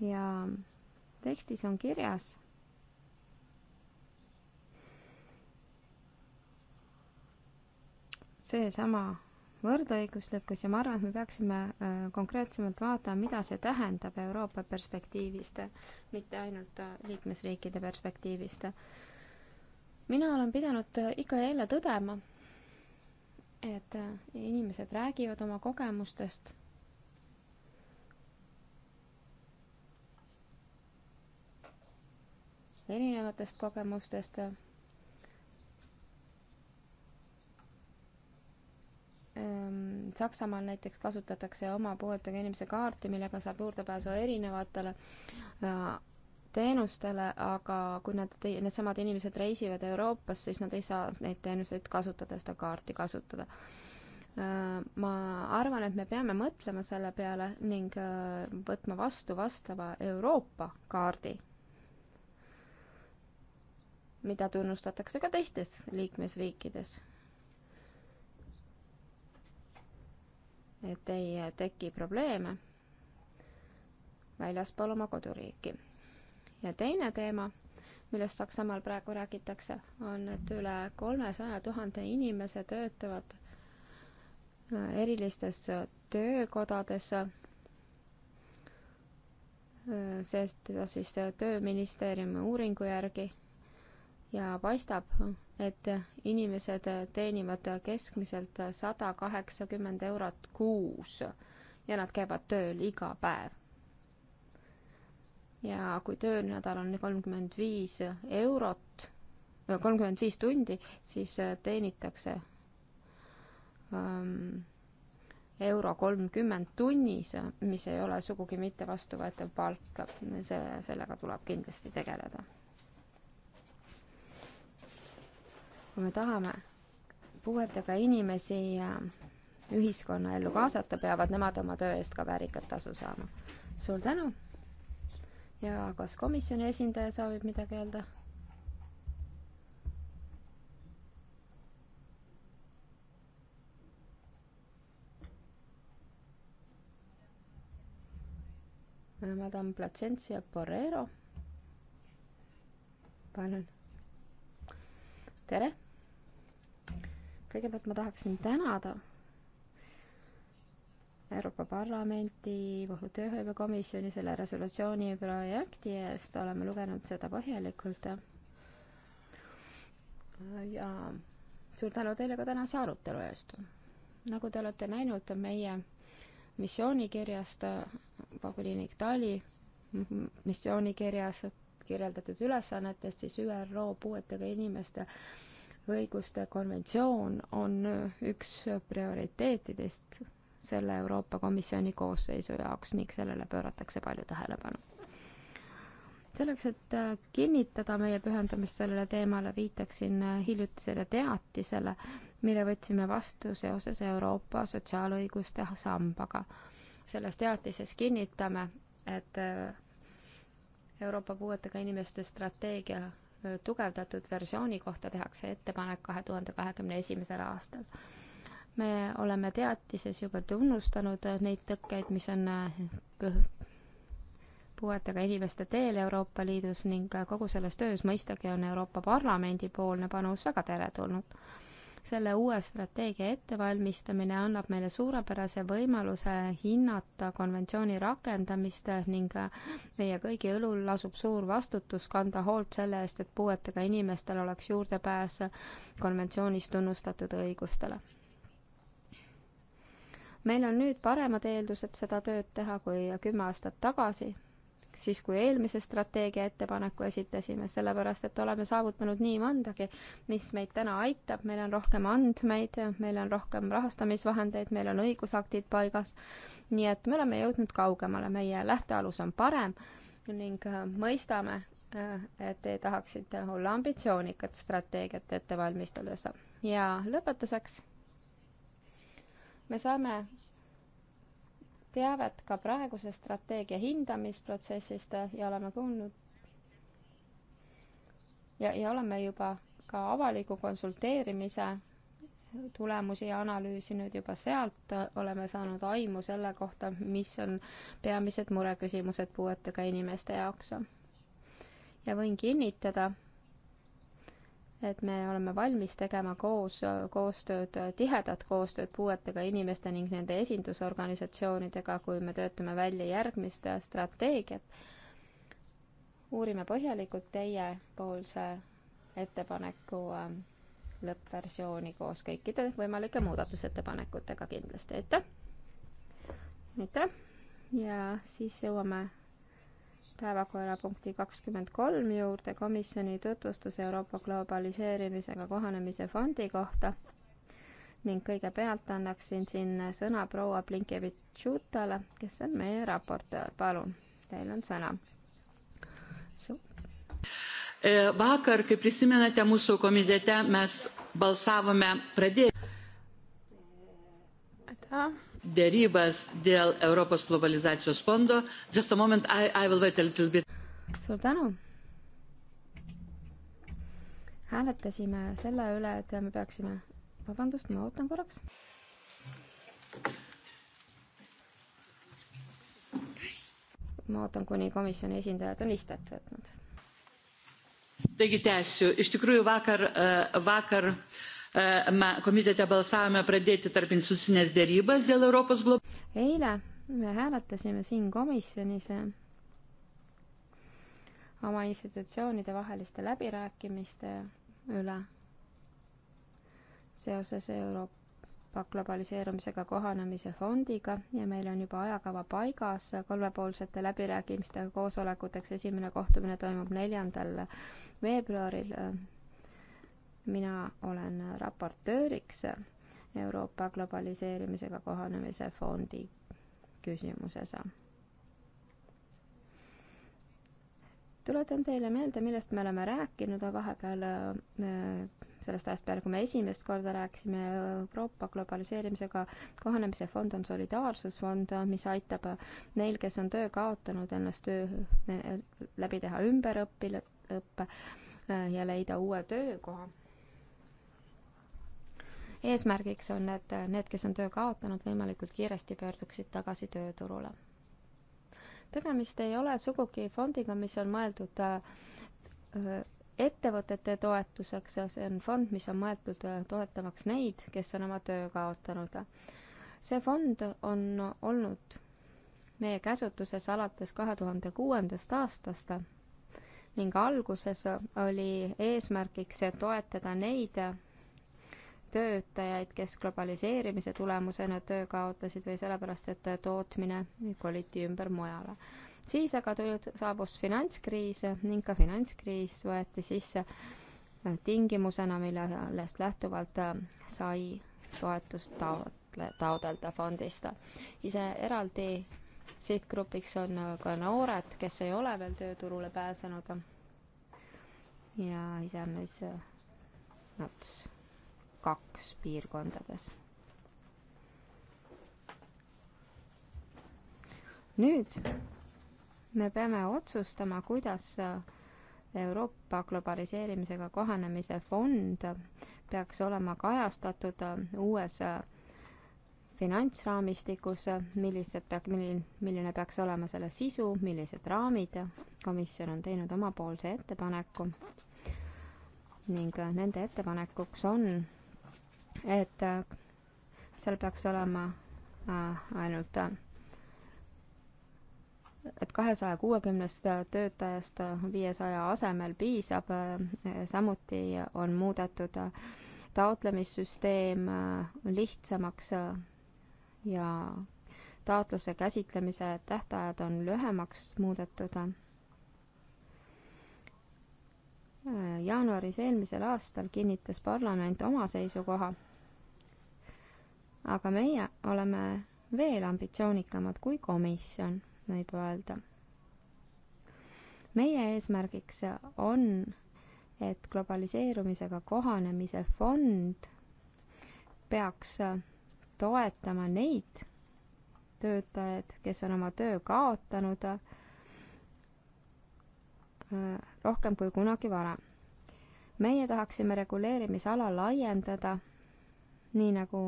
S2: ja tekstis on kirjas, seesama võrdõiguslikkus ja ma arvan, et me peaksime äh, konkreetsemalt vaatama, mida see tähendab Euroopa perspektiivist, mitte ainult äh, liikmesriikide perspektiivist. mina olen pidanud äh, ikka ja jälle tõdema, et inimesed räägivad oma kogemustest erinevatest kogemustest. Ehm, Saksamaal näiteks kasutatakse oma puuetega inimese kaarti, millega saab juurdepääsu erinevatele äh, teenustele, aga kui nad, needsamad inimesed reisivad Euroopas, siis nad ei saa neid teenuseid kasutada, seda kaarti kasutada äh, ma arvan, et me peame mõtlema selle peale ning äh, võtma vastu vastava Euroopa kaardi mida tunnustatakse ka teistes liikmesriikides. et ei teki probleeme väljaspool oma koduriiki. ja teine teema, millest Saksamaal praegu räägitakse, on, et üle kolmesaja tuhande inimese töötavad äh, erilistes töökodades äh, sest siis tööministeeriumi uuringu järgi ja paistab, et inimesed teenivad keskmiselt sada kaheksakümmend eurot kuus ja nad käivad tööl iga päev. ja kui töönädal on kolmkümmend viis eurot, äh, kolmkümmend viis tundi, siis äh, teenitakse ähm, euro kolmkümmend tunnis, mis ei ole sugugi mitte vastuvõetav palk. see, sellega tuleb kindlasti tegeleda kui me tahame puuetega inimesi ühiskonnaellu kaasata, peavad nemad oma töö eest ka väärikat tasu saama. suur tänu! ja kas komisjoni esindaja soovib midagi öelda? Madame Placencia Borrero. palun. tere kõigepealt ma tahaksin tänada Euroopa Parlamenti tööhõivekomisjoni selle resolutsiooni projekti eest, oleme lugenud seda põhjalikult. ja suur tänu teile ka tänase arutelu eest. nagu te olete näinud, meie missioonikirjast, Pavlinik Tali missioonikirjas kirjeldatud ülesannetest, siis ÜRO puuetega inimeste õiguste konventsioon on üks prioriteetidest selle Euroopa Komisjoni koosseisu jaoks ning sellele pööratakse palju tähelepanu. selleks, et äh, kinnitada meie pühendumist sellele teemale, viitaksin äh, hiljutisele teatisele, mille võtsime vastu seoses Euroopa sotsiaalõiguste sambaga. selles teatises kinnitame, et äh, Euroopa puuetega inimeste strateegia tugevdatud versiooni kohta tehakse ettepanek kahe tuhande kahekümne esimesel aastal. me oleme teatises juba tunnustanud neid tõkkeid, mis on äh, puuetega inimeste teel Euroopa Liidus ning kogu selles töös mõistagi on Euroopa Parlamendi poolne panus väga teretulnud selle uue strateegia ettevalmistamine annab meile suurepärase võimaluse hinnata konventsiooni rakendamist ning meie kõigi õlul lasub suur vastutus kanda hoolt selle eest, et puuetega inimestel oleks juurdepääs konventsioonis tunnustatud õigustele meil on nüüd paremad eeldused seda tööd teha kui kümme aastat tagasi siis, kui eelmise strateegia ettepaneku esitasime, sellepärast et oleme saavutanud nii mõndagi, mis meid täna aitab, meil on rohkem andmeid, meil on rohkem rahastamisvahendeid, meil on õigusaktid paigas, nii et me oleme jõudnud kaugemale, meie lähtealus on parem ning äh, mõistame, äh, et te tahaksite olla ambitsioonikat strateegiat ette valmistades. ja lõpetuseks me saame teavet ka praeguse strateegia hindamisprotsessist ja oleme kuulnud ja, ja oleme juba ka avaliku konsulteerimise tulemusi analüüsinud juba sealt, oleme saanud aimu selle kohta, mis on peamised mureküsimused puuetega inimeste jaoks. ja võin kinnitada, et me oleme valmis tegema koos koostööd, tihedat koostööd puuetega inimeste ning nende esindusorganisatsioonidega, kui me töötame välja järgmist strateegiat. uurime põhjalikult teiepoolse ettepaneku ähm, lõppversiooni koos kõikide võimalike muudatusettepanekutega kindlasti, aitäh! aitäh ja siis jõuame päevakorrapunkti kakskümmend kolm juurde, komisjoni tutvustus Euroopa globaliseerimisega kohanemise fondi kohta ning kõigepealt annaksin siin sõna proua Blinkevitš-Utale, kes on meie raportöör, palun, teil on sõna. E, vakar, kui prisimenate, mūsų komitete mes balsavome pradė-.
S3: aitäh
S1: dėrybas dėl Europos globalizacijos fondo. Just a moment, I, I will wait a little bit.
S2: suur tänu! hääletasime selle üle, et me peaksime, vabandust, ma ootan korraks. ma ootan, kuni komisjoni esindajad on istet võtnud.
S1: tegi täis, just kui vakar, vakar äh, Eh, komitete balsavome pradėti tarp institucinės dėrybas dėl Europos globos.
S2: eile me hääletasime siin komisjonis eh, oma institutsioonide vaheliste läbirääkimiste üle seoses Euroopa globaliseerumisega kohanemise fondiga ja meil on juba ajakava paigas kolmepoolsete läbirääkimiste koosolekuteks. esimene kohtumine toimub neljandal veebruaril eh, mina olen raportööriks Euroopa globaliseerimisega kohanemise fondi küsimuses. tuletan teile meelde, millest me oleme rääkinud vahepeal äh, sellest ajast peale, kui me esimest korda rääkisime Euroopa globaliseerimisega kohanemise fond on solidaarsusfond, mis aitab neil, kes on töö kaotanud, ennast töö läbi teha ümberõppile, õppe äh, ja leida uue töökoha eesmärgiks on, et need, kes on töö kaotanud, võimalikult kiiresti pöörduksid tagasi tööturule. tegemist ei ole sugugi fondiga, mis on mõeldud äh, ettevõtete toetuseks, see on fond, mis on mõeldud äh, toetamaks neid, kes on oma töö kaotanud. see fond on olnud meie käsutuses alates kahe tuhande kuuendast aastast ning alguses oli eesmärgiks toetada neid töötajaid, kes globaliseerimise tulemusena töö kaotasid või sellepärast, et tootmine koliti ümber mujale. siis aga tulid, saabus finantskriis ning ka finantskriis võeti sisse tingimusena, millest lähtuvalt sai toetust taotle, taodelda fondist. ise eraldi sihtgrupiks on ka noored, kes ei ole veel tööturule pääsenud ja iseäranis NUTS kaks piirkondades. nüüd me peame otsustama, kuidas Euroopa globaliseerimisega kohanemise fond peaks olema kajastatud uues finantsraamistikus, millised peak-, milline, milline peaks olema selle sisu, millised raamid, komisjon on teinud omapoolse ettepaneku ning nende ettepanekuks on et äh, seal peaks olema äh, ainult äh, et kahesaja kuuekümnest töötajast viiesaja asemel piisab, samuti on muudetud taotlemissüsteem lihtsamaks ja taotluse käsitlemise tähtajad on lühemaks muudetud. jaanuaris eelmisel aastal kinnitas parlament oma seisukoha aga meie oleme veel ambitsioonikamad kui komisjon, võib öelda. meie eesmärgiks on, et globaliseerumisega kohanemise fond peaks toetama neid töötajaid, kes on oma töö kaotanud äh, rohkem kui kunagi varem. meie tahaksime reguleerimisala laiendada, nii nagu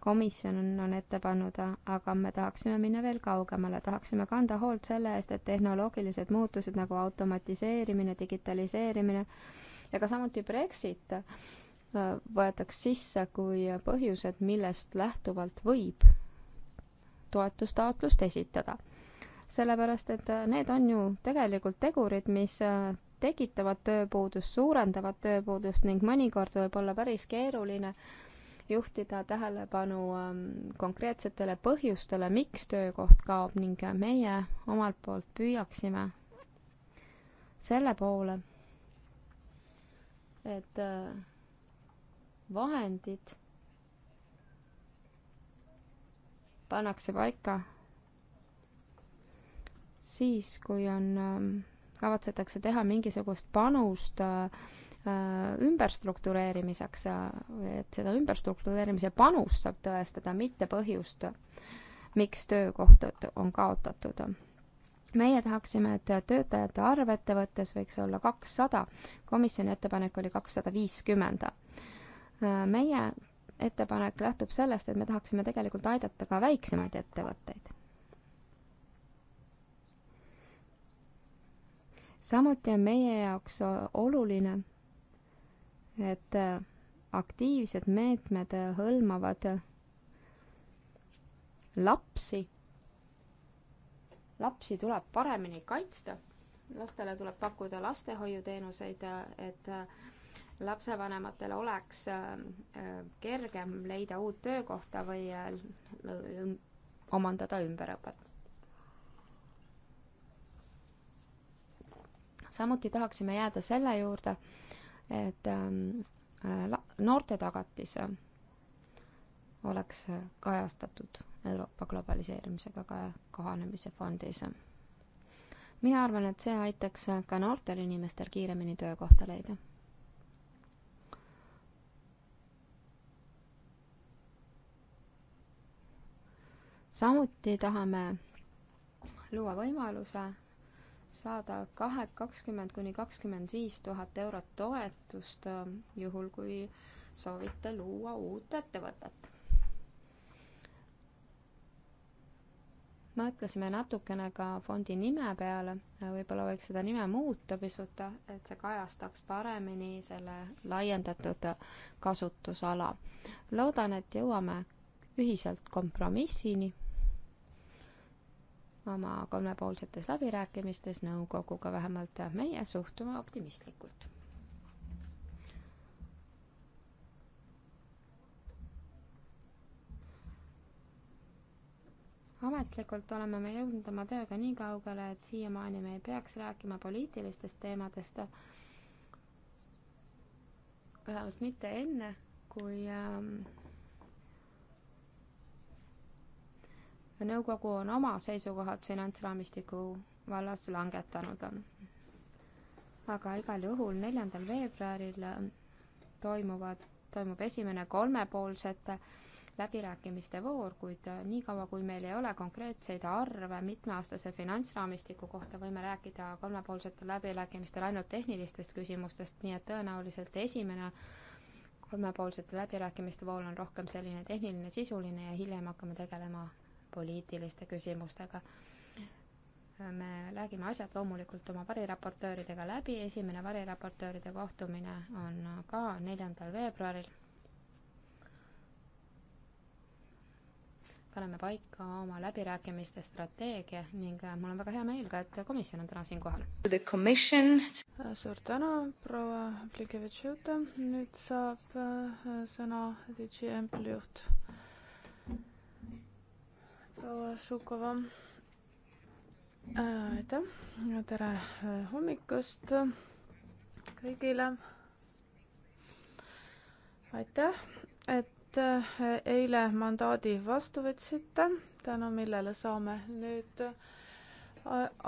S2: komisjon on, on ette pannud, aga me tahaksime minna veel kaugemale, tahaksime kanda hoolt selle eest, et tehnoloogilised muutused nagu automatiseerimine, digitaliseerimine ja ka samuti Brexit äh, võetaks sisse kui põhjused, millest lähtuvalt võib toetustaotlust esitada. sellepärast, et äh, need on ju tegelikult tegurid, mis äh, tekitavad tööpuudust, suurendavad tööpuudust ning mõnikord võib olla päris keeruline äh, juhtida tähelepanu ähm, konkreetsetele põhjustele, miks töökoht kaob ning meie omalt poolt püüaksime selle poole, et äh, vahendid pannakse paika siis, kui on, ähm, kavatsetakse teha mingisugust panust äh, Äh, ümberstruktureerimiseks, et seda ümberstruktureerimise panust saab tõestada, mitte põhjust, miks töökohtad on kaotatud. meie tahaksime, et töötajate arv ettevõttes võiks olla kakssada, komisjoni ettepanek oli kakssada viiskümmend. Äh, meie ettepanek lähtub sellest, et me tahaksime tegelikult aidata ka väiksemaid ettevõtteid samuti on meie jaoks oluline et äh, aktiivsed meetmed äh, hõlmavad äh, lapsi. lapsi tuleb paremini kaitsta, lastele tuleb pakkuda lastehoiuteenuseid, et lapsevanematel oleks kergem leida uut töökohta või omandada ümberõpet. samuti tahaksime jääda selle juurde, et ähm, äh, noorte tagatis äh, oleks kajastatud Euroopa globaliseerimisega ka kohanemise fondis. mina arvan, et see aitaks ka noortel inimestel kiiremini töökohta leida. samuti tahame luua võimaluse saada kahe, kakskümmend kuni kakskümmend viis tuhat eurot toetust, äh, juhul kui soovite luua uut ettevõtet. mõtlesime natukene ka fondi nime peale, võib-olla võiks seda nime muuta pisut, et see kajastaks paremini selle laiendatud kasutusala. loodan, et jõuame ühiselt kompromissini oma kolmepoolsetes läbirääkimistes nõukoguga, vähemalt meie suhtume optimistlikult. ametlikult oleme me jõudnud oma tööga nii kaugele, et siiamaani me ei peaks rääkima poliitilistest teemadest, vähemalt mitte enne, kui ähm, nõukogu on oma seisukohad finantsraamistiku vallas langetanud. aga igal juhul neljandal veebruaril äh, toimuvad, toimub esimene kolmepoolsete läbirääkimiste voor, kuid äh, niikaua, kui meil ei ole konkreetseid arve mitmeaastase finantsraamistiku kohta, võime rääkida kolmepoolsetel läbirääkimistel ainult tehnilistest küsimustest, nii et tõenäoliselt esimene kolmepoolsete läbirääkimiste vool on rohkem selline tehniline, sisuline ja hiljem hakkame tegelema poliitiliste küsimustega. me räägime asjad loomulikult oma variraportööridega läbi, esimene variraportööride kohtumine on ka neljandal veebruaril. paneme paika oma läbirääkimiste strateegia ning mul on väga hea meel ka, et komisjon on täna siin kohal.
S3: suur tänu, proua Plikevitš-Juta, nüüd saab äh, sõna DG Ample juht proua Šukova. Äh, aitäh, tere äh, hommikust kõigile. aitäh, et äh, eile mandaadi vastu võtsite, tänu millele saame nüüd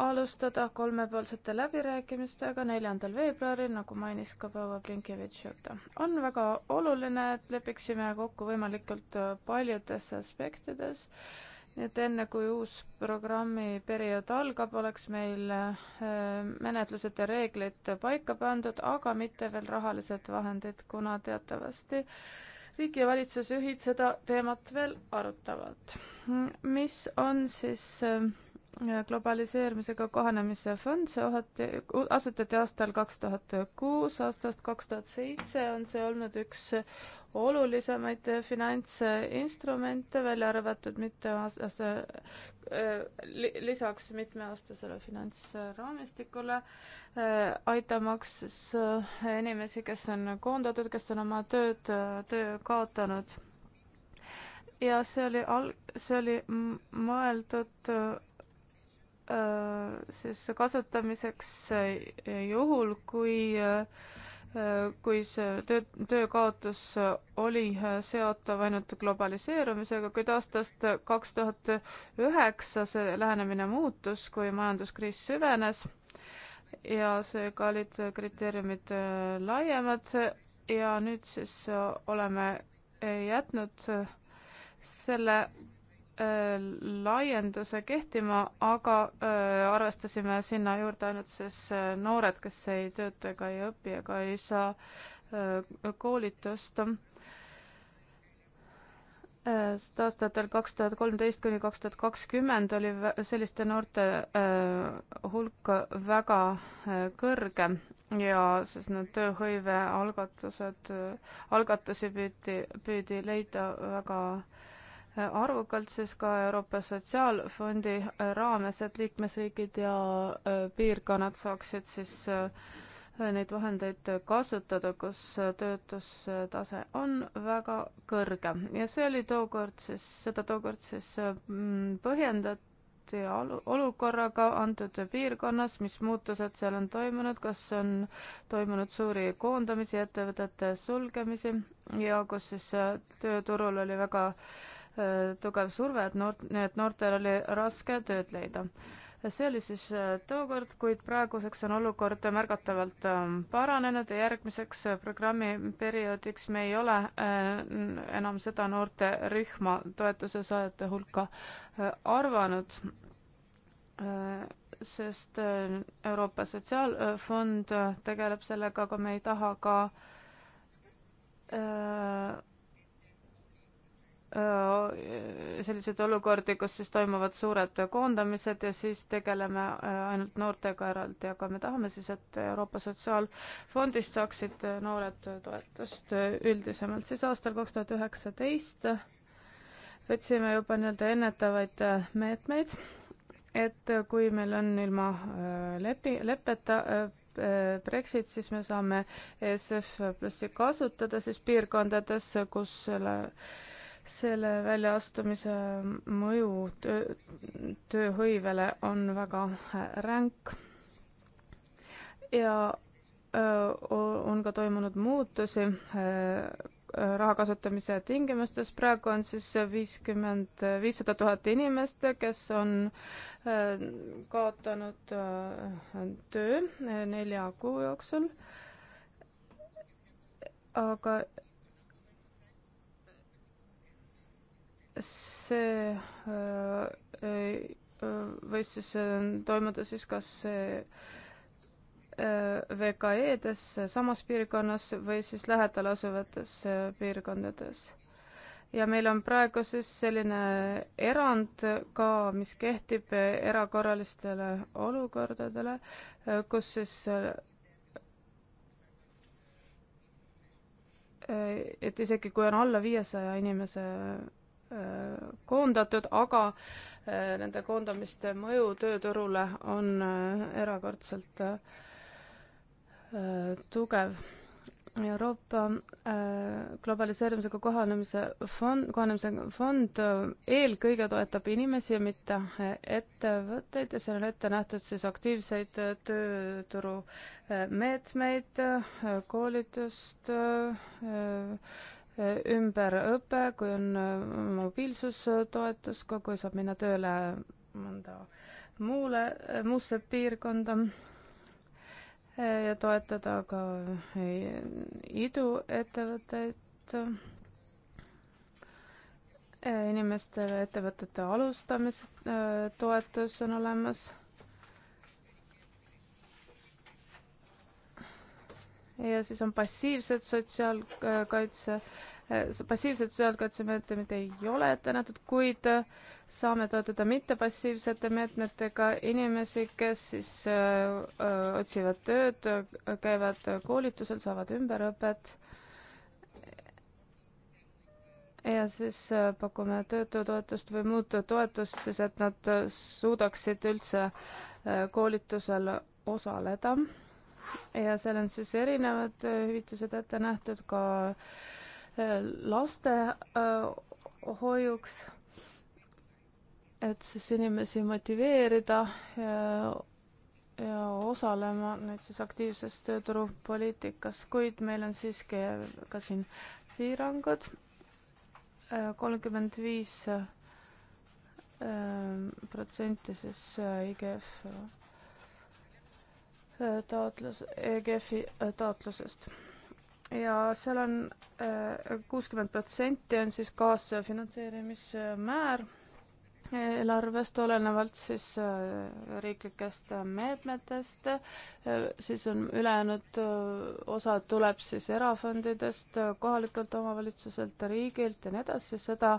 S3: alustada kolmepoolsete läbirääkimistega neljandal veebruaril, nagu mainis ka proua Blinkevitš. on väga oluline, et lepiksime kokku võimalikult paljudes aspektides äh, et enne, kui uus programmiperiood algab, oleks meil äh, menetlused ja reeglid paika pandud, aga mitte veel rahalised vahendid, kuna teatavasti riigi ja valitsusjuhid seda teemat veel arutavad. mis on siis äh, globaliseerimisega kohanemise fond, see ohati, asutati aastal kaks tuhat kuus, aastast kaks tuhat seitse on see olnud üks olulisemaid finantsinstrumente, välja arvatud mitmeaastase, lisaks mitmeaastasele finantsraamistikule, aitamaks siis inimesi, kes on koondatud, kes on oma tööd, töö kaotanud. ja see oli al-, see oli mõeldud Äh, siis kasutamiseks äh, juhul, kui, äh, kui see töö, töökaotus oli seotav ainult globaliseerumisega, kuid aastast kaks tuhat üheksa see lähenemine muutus, kui majanduskriis süvenes ja seega olid kriteeriumid laiemad ja nüüd siis oleme jätnud selle Äh, laienduse kehtima, aga äh, arvestasime sinna juurde ainult siis äh, noored, kes ei tööta ega ei õpi ega ei saa koolitust. aastatel kaks tuhat kolmteist kuni kaks tuhat kakskümmend oli selliste noorte hulk väga kõrge ja siis need tööhõive algatused, algatusi püüdi, püüdi leida väga äh, arvukalt, siis ka Euroopa Sotsiaalfondi raames, et liikmesriigid ja äh, piirkonnad saaksid siis äh, neid vahendeid kasutada, kus töötustase on väga kõrge ja see oli tookord siis, seda tookord siis mm, põhjendati olukorraga antud piirkonnas, mis muutused seal on toimunud, kas on toimunud suuri koondamisi, ettevõtete sulgemisi ja kus siis äh, tööturul oli väga äh, Äh, tugev surve, et noort, et noortel oli raske tööd leida. see oli siis äh, tookord, kuid praeguseks on olukord märgatavalt ähm, paranenud ja järgmiseks äh, programmiperioodiks me ei ole enam seda noorterühma toetuse saajate hulka arvanud, sest Euroopa Sotsiaalfond tegeleb sellega, aga me ei taha ka selliseid olukordi, kus siis toimuvad suured koondamised ja siis tegeleme ainult noortega eraldi, aga me tahame siis, et Euroopa Sotsiaalfondist saaksid noored toetust üldisemalt. siis aastal kaks tuhat üheksateist võtsime juba nii-öelda ennetavaid meetmeid, et kui meil on ilma lepi, leppeta Brexit, siis me saame ESF plussi kasutada siis piirkondades, kus selle selle väljaastumise mõju töö, tööhõivele on väga ränk ja öö, on ka toimunud muutusi raha kasutamise tingimustes. praegu on siis viiskümmend, viissada tuhat inimest, kes on kaotanud töö nelja kuu jooksul. aga see äh, äh, võis siis äh, toimuda siis kas VKE-des samas piirkonnas või siis lähedal asuvates piirkondades ja meil on praegu siis selline erand ka, mis kehtib erakorralistele olukordadele, kus siis et isegi kui on alla viiesaja inimese Äh, koondatud, aga äh, nende koondamiste mõju tööturule on äh, erakordselt tugev. Euroopa globaliseerimisega kohanemise fond, kohanemise fond eelkõige toetab inimesi, mitte ettevõtteid ja seal on ette nähtud siis aktiivseid tööturumeetmeid, koolitust, ümberõpe, kui on äh, mobiilsustoetus, kui saab minna tööle mõnda muule, äh, muusse piirkonda äh, ja toetada ka iduettevõtteid, inimestele ettevõtete alustamise toetus on olemas ja siis on passiivsed sotsiaalkaitse, passiivsed sotsiaalkaitsemeetmed ei ole tänatud, kuid saame toetada mittepassiivsete meetmetega inimesi, kes siis öö, otsivad tööd, käivad koolitusel, saavad ümberõpet. ja siis pakume töötutoetust või muud toetust siis, et nad suudaksid üldse koolitusel osaleda ja seal on siis erinevad äh, hüvitised ette nähtud ka äh, laste äh, hoiuks, et siis inimesi motiveerida ja, ja osalema nüüd siis aktiivses tööturupoliitikas, kuid meil on siiski ka siin piirangud, kolmkümmend viis protsenti siis IGF taotlus, EGF-i äh, taotlusest. ja seal on äh, kuuskümmend protsenti on siis kaasfinantseerimismäär eelarvest olenevalt siis äh, riiklikest meetmetest, siis on ülejäänud osa tuleb siis erafondidest, kohalikelt omavalitsuselt, riigilt ja nii edasi, seda,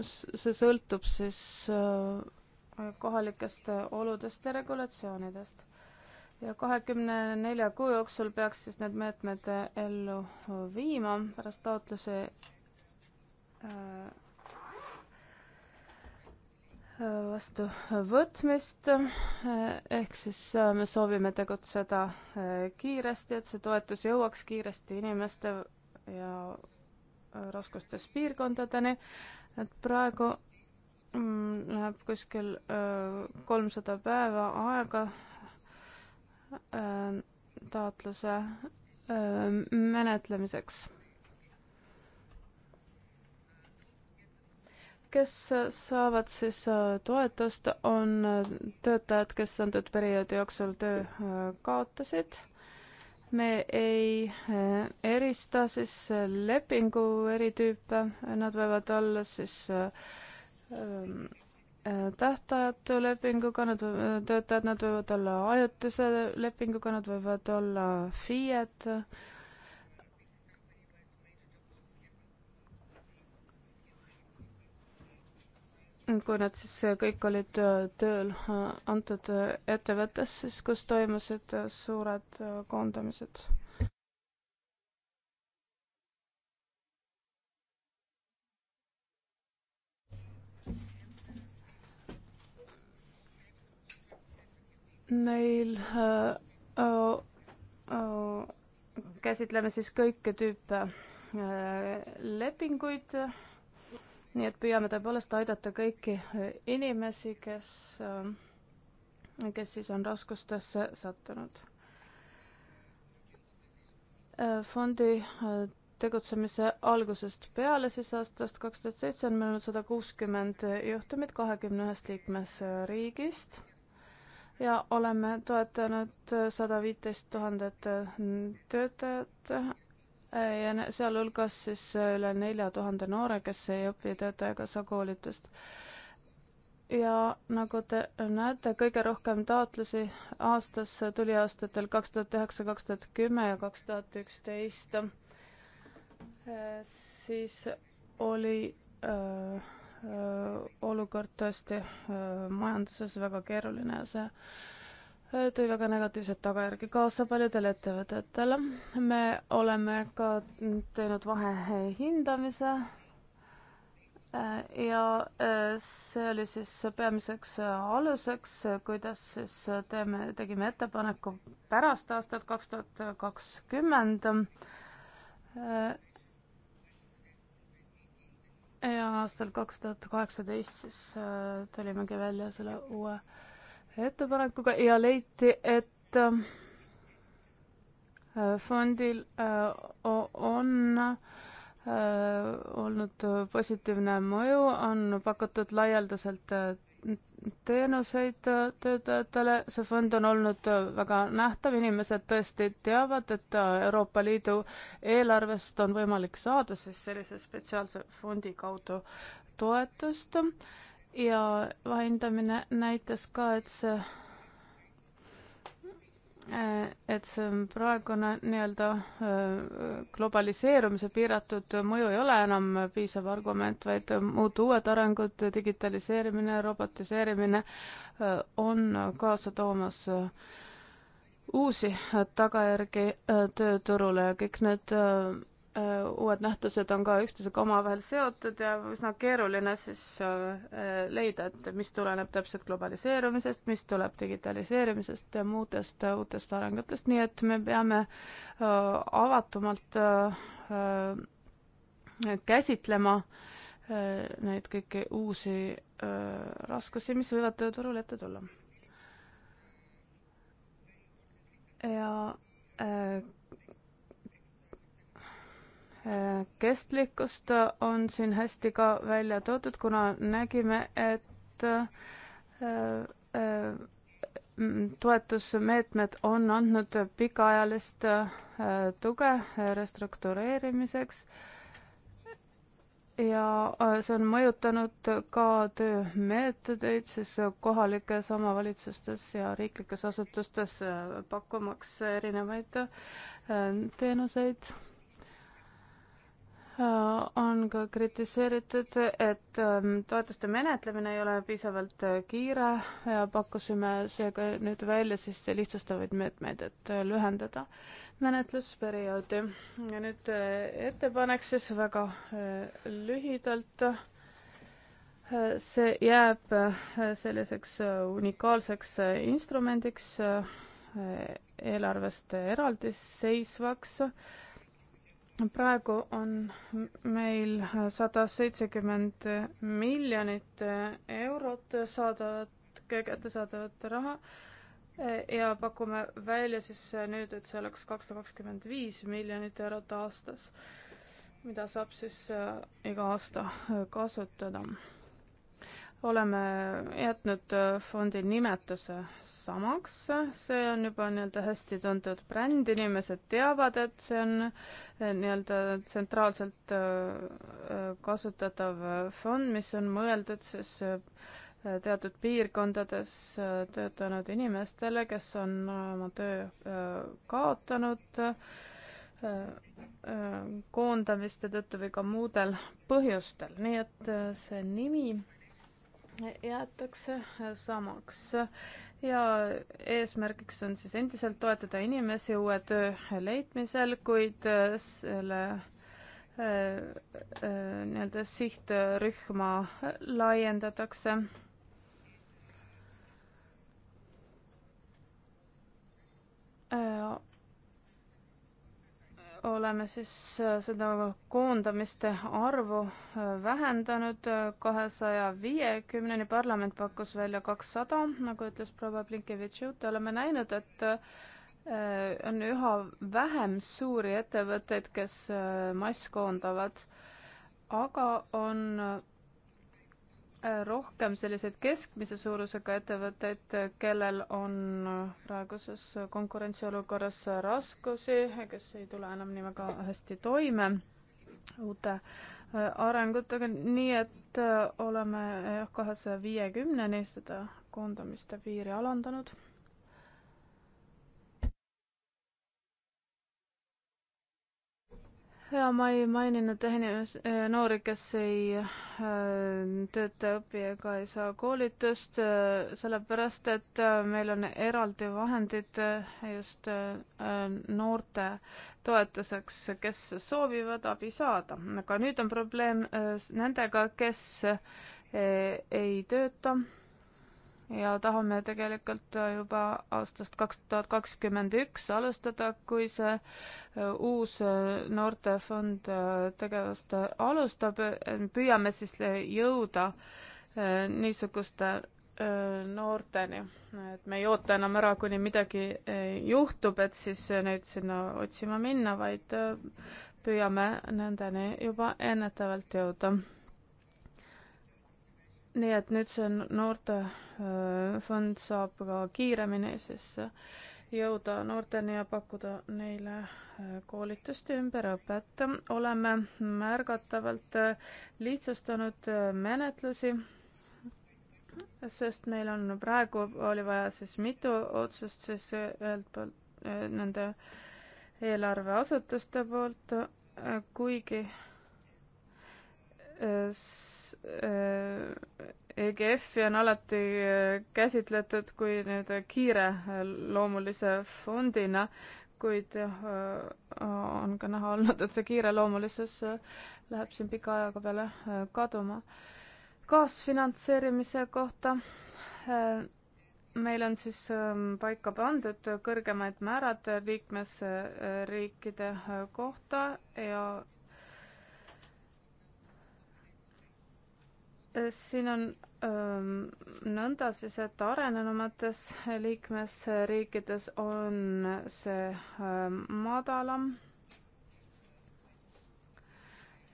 S3: see sõltub siis kohalikest oludest ja regulatsioonidest ja kahekümne nelja kuu jooksul peaks siis need meetmed äh, ellu viima pärast taotluse äh, vastuvõtmist, ehk siis äh, me soovime tegutseda kiiresti, et see toetus jõuaks kiiresti inimeste ja raskustes piirkondadeni, et praegu mm, läheb kuskil kolmsada päeva aega Äh, taotluse äh, menetlemiseks. kes saavad siis äh, toetust, on töötajad, kes antud perioodi jooksul töö kaotasid. me ei erista siis lepingu eri tüüpe, nad võivad olla siis ähm, Äh, tähtajatu lepinguga, nad, äh, töötajad, nad võivad olla ajutise lepinguga, nad võivad olla FIE-d. kui nad siis äh, kõik olid tööl antud ettevõttes, siis kus toimusid suured koondamised meil äh, äh, äh, käsitleme siis kõike tüüpe lepinguid, nii et püüame tõepoolest aidata kõiki inimesi, kes, kes siis on raskustesse sattunud. fondi tegutsemise algusest peale, siis aastast kaks tuhat seitse on meil olnud sada kuuskümmend juhtumit kahekümne ühest liikmesriigist ja oleme toetanud sada viiteist tuhandet mm, töötajat äh, ja sealhulgas siis äh, üle nelja tuhande noore, kes ei õpi töötajakassa koolitust. ja nagu te näete, kõige rohkem taotlusi aastas tuli aastatel kaks tuhat üheksa, kaks tuhat kümme ja kaks tuhat üksteist. Äh, siis oli öö, Äh, olukord tõesti äh, majanduses väga keeruline ja see äh, tõi väga negatiivseid tagajärgi kaasa paljudele ettevõtetele. me oleme ka teinud vahehindamise ja see oli siis peamiseks aluseks, kuidas siis teeme, tegime ettepaneku pärast aastat kaks tuhat kakskümmend ja aastal kaks tuhat kaheksateist siis äh, tulimegi välja selle uue ettepanekuga ja leiti, et äh, äh, fondil on olnud positiivne mõju, on pakutud laialdaselt teenuseid äh, töötajatele, see fond on olnud äh, väga nähtav, inimesed tõesti teavad, et äh, Euroopa Liidu eelarvest on võimalik saada siis sellise spetsiaalse fondi kaudu toetust ja hindamine näitas ka, et see Äh, et see praegune nii-öelda äh, globaliseerumise piiratud mõju ei ole enam piisav argument, vaid muud uued arengud, digitaliseerimine, robotiseerimine äh, on kaasa toomas uusi tagajärgi tööturule ja kõik need Äh, uued nähtused on ka üksteisega omavahel seotud ja üsna keeruline siis äh, leida, et mis tuleneb täpselt globaliseerumisest, mis tuleb digitaliseerimisest ja muudest äh, uutest arengutest, nii et me peame avatumalt käsitlema neid kõiki uusi raskusi, mis võivad tööturul ette tulla. ja kestlikkust on siin hästi ka välja toodud, kuna nägime, et äh, äh, toetusmeetmed on andnud pikaajalist äh, tuge restruktureerimiseks ja see on mõjutanud ka töömeetodeid siis kohalikes omavalitsustes ja riiklikes asutustes, pakkumaks erinevaid teenuseid Äh, on ka kritiseeritud, et ähm, toetuste menetlemine ei ole piisavalt äh, kiire ja pakkusime seega nüüd välja siis lihtsustavaid meetmeid, et äh, lühendada menetlusperioodi. ja nüüd ettepanek siis väga lühidalt. see jääb selliseks unikaalseks instrumendiks, eelarvest eraldiseisvaks praegu on meil sada seitsekümmend miljonit eurot saadavat, kättesaadavat raha ja pakume välja siis nüüd, et see oleks kakssada kakskümmend viis miljonit eurot aastas, mida saab siis äh, iga aasta kasutada oleme jätnud äh, fondi nimetuse samaks, see on juba nii-öelda hästi tuntud bränd, inimesed teavad, et see on äh, nii-öelda tsentraalselt äh, kasutatav fond, mis on mõeldud siis teatud piirkondades töötanud inimestele, kes on oma töö kaotanud koondamiste tõttu või ka muudel põhjustel, nii et see nimi jäetakse samaks ja eesmärgiks on siis endiselt toetada inimesi uue töö leidmisel, kuid selle äh, äh, nii-öelda sihtrühma laiendatakse. Äh, oleme siis äh, seda koondamiste arvu äh, vähendanud äh, kahesaja viiekümneni, parlament pakkus välja kakssada, nagu ütles proua Blinkevitš-Jute, oleme näinud, et on üha vähem suuri ettevõtteid, kes masskoondavad, aga on rohkem selliseid keskmise suurusega ettevõtteid, kellel on praeguses konkurentsiolukorras raskusi, kes ei tule enam nii väga hästi toime uute äh, arengutega, nii et äh, oleme jah, kahesaja viiekümneni seda koondamiste piiri alandanud ja ma ei maininud inimes-, eh, eh, noori, kes ei eh, tööta, õpi ega ei saa koolitust, sellepärast et meil on eraldi vahendid just noorte toetuseks, kes soovivad abi saada. aga nüüd on probleem nendega, kes ei tööta ja tahame tegelikult äh, juba aastast kaks tuhat kakskümmend üks alustada, kui see äh, uus äh, noortefond tegevust alustab, püüame siis jõuda niisuguste noorteni, et me ei oota enam ära, kuni midagi juhtub, et siis neid sinna otsima minna, vaid püüame nendeni juba ennetavalt jõuda. nii et nüüd see noorte Äh, fond saab ka kiiremini siis äh, jõuda noorteni ja pakkuda neile äh, koolitust ja ümberõpet. oleme märgatavalt lihtsustanud menetlusi, sest meil on praegu, oli vaja siis mitu otsust siis ühelt poolt nende eelarveasutuste poolt, kuigi Äh, äh, EGF-i on alati äh, käsitletud kui nii-öelda kiireloomulise fondina, kuid on ka näha olnud, et see kiireloomulisus läheb siin pika ajaga peale kaduma. kaasfinantseerimise kohta meil on siis ähm, paika pandud kõrgemaid määrad liikmesriikide kohta ja siin on ähm, nõnda siis, et arenenumates liikmesriikides on see ähm, madalam.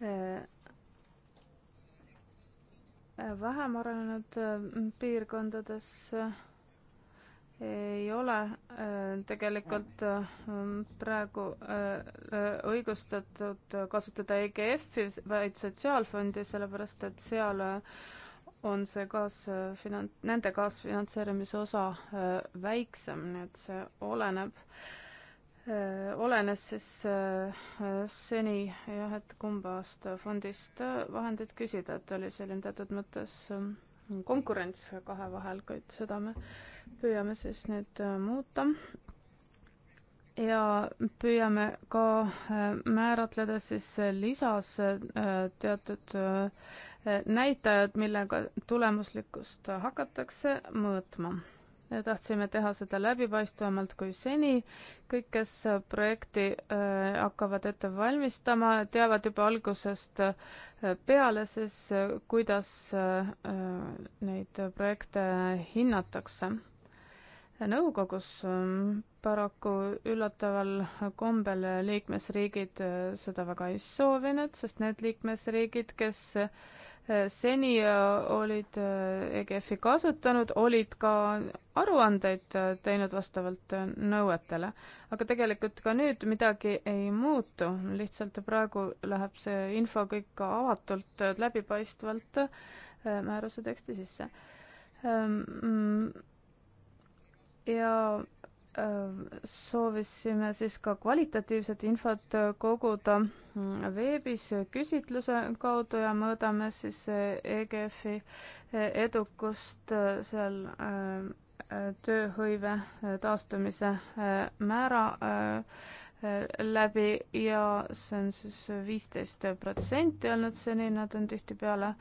S3: Äh, vähem arenenud äh, piirkondades äh, ei ole äh, tegelikult äh, praegu äh, õigustatud kasutada EGF-i, vaid Sotsiaalfondi, sellepärast et seal on see kaasfinan-, nende kaasfinantseerimise osa väiksem, nii et see oleneb, olenes siis seni jah, et kumbast fondist vahendeid küsida, et oli selline teatud mõttes konkurents kahe vahel, kuid seda me püüame siis nüüd äh, muuta. ja püüame ka äh, määratleda siis äh, lisas teatud näitajad, millega tulemuslikkust hakatakse mõõtma tahtsime teha seda läbipaistvamalt kui seni. kõik, kes projekti äh, hakkavad ette valmistama, teavad juba algusest äh, peale siis, äh, kuidas neid projekte hinnatakse. nõukogus paraku üllataval kombel liikmesriigid seda väga ei soovinud, sest need liikmesriigid, kes seni äh, olid äh, EGF-i kasutanud, olid ka aruandeid äh, teinud vastavalt nõuetele. aga tegelikult ka nüüd midagi ei muutu, lihtsalt praegu läheb see info kõik avatult, läbipaistvalt määruse teksti sisse. Ähm, mm, ja Äh, soovisime siis ka kvalitatiivset infot äh, koguda mm, veebis küsitluse kaudu ja mõõdame siis äh, EGF-i edukust seal tööhõive taastumise määra läbi ja see on siis viisteist protsenti olnud seni, nad on tihtipeale,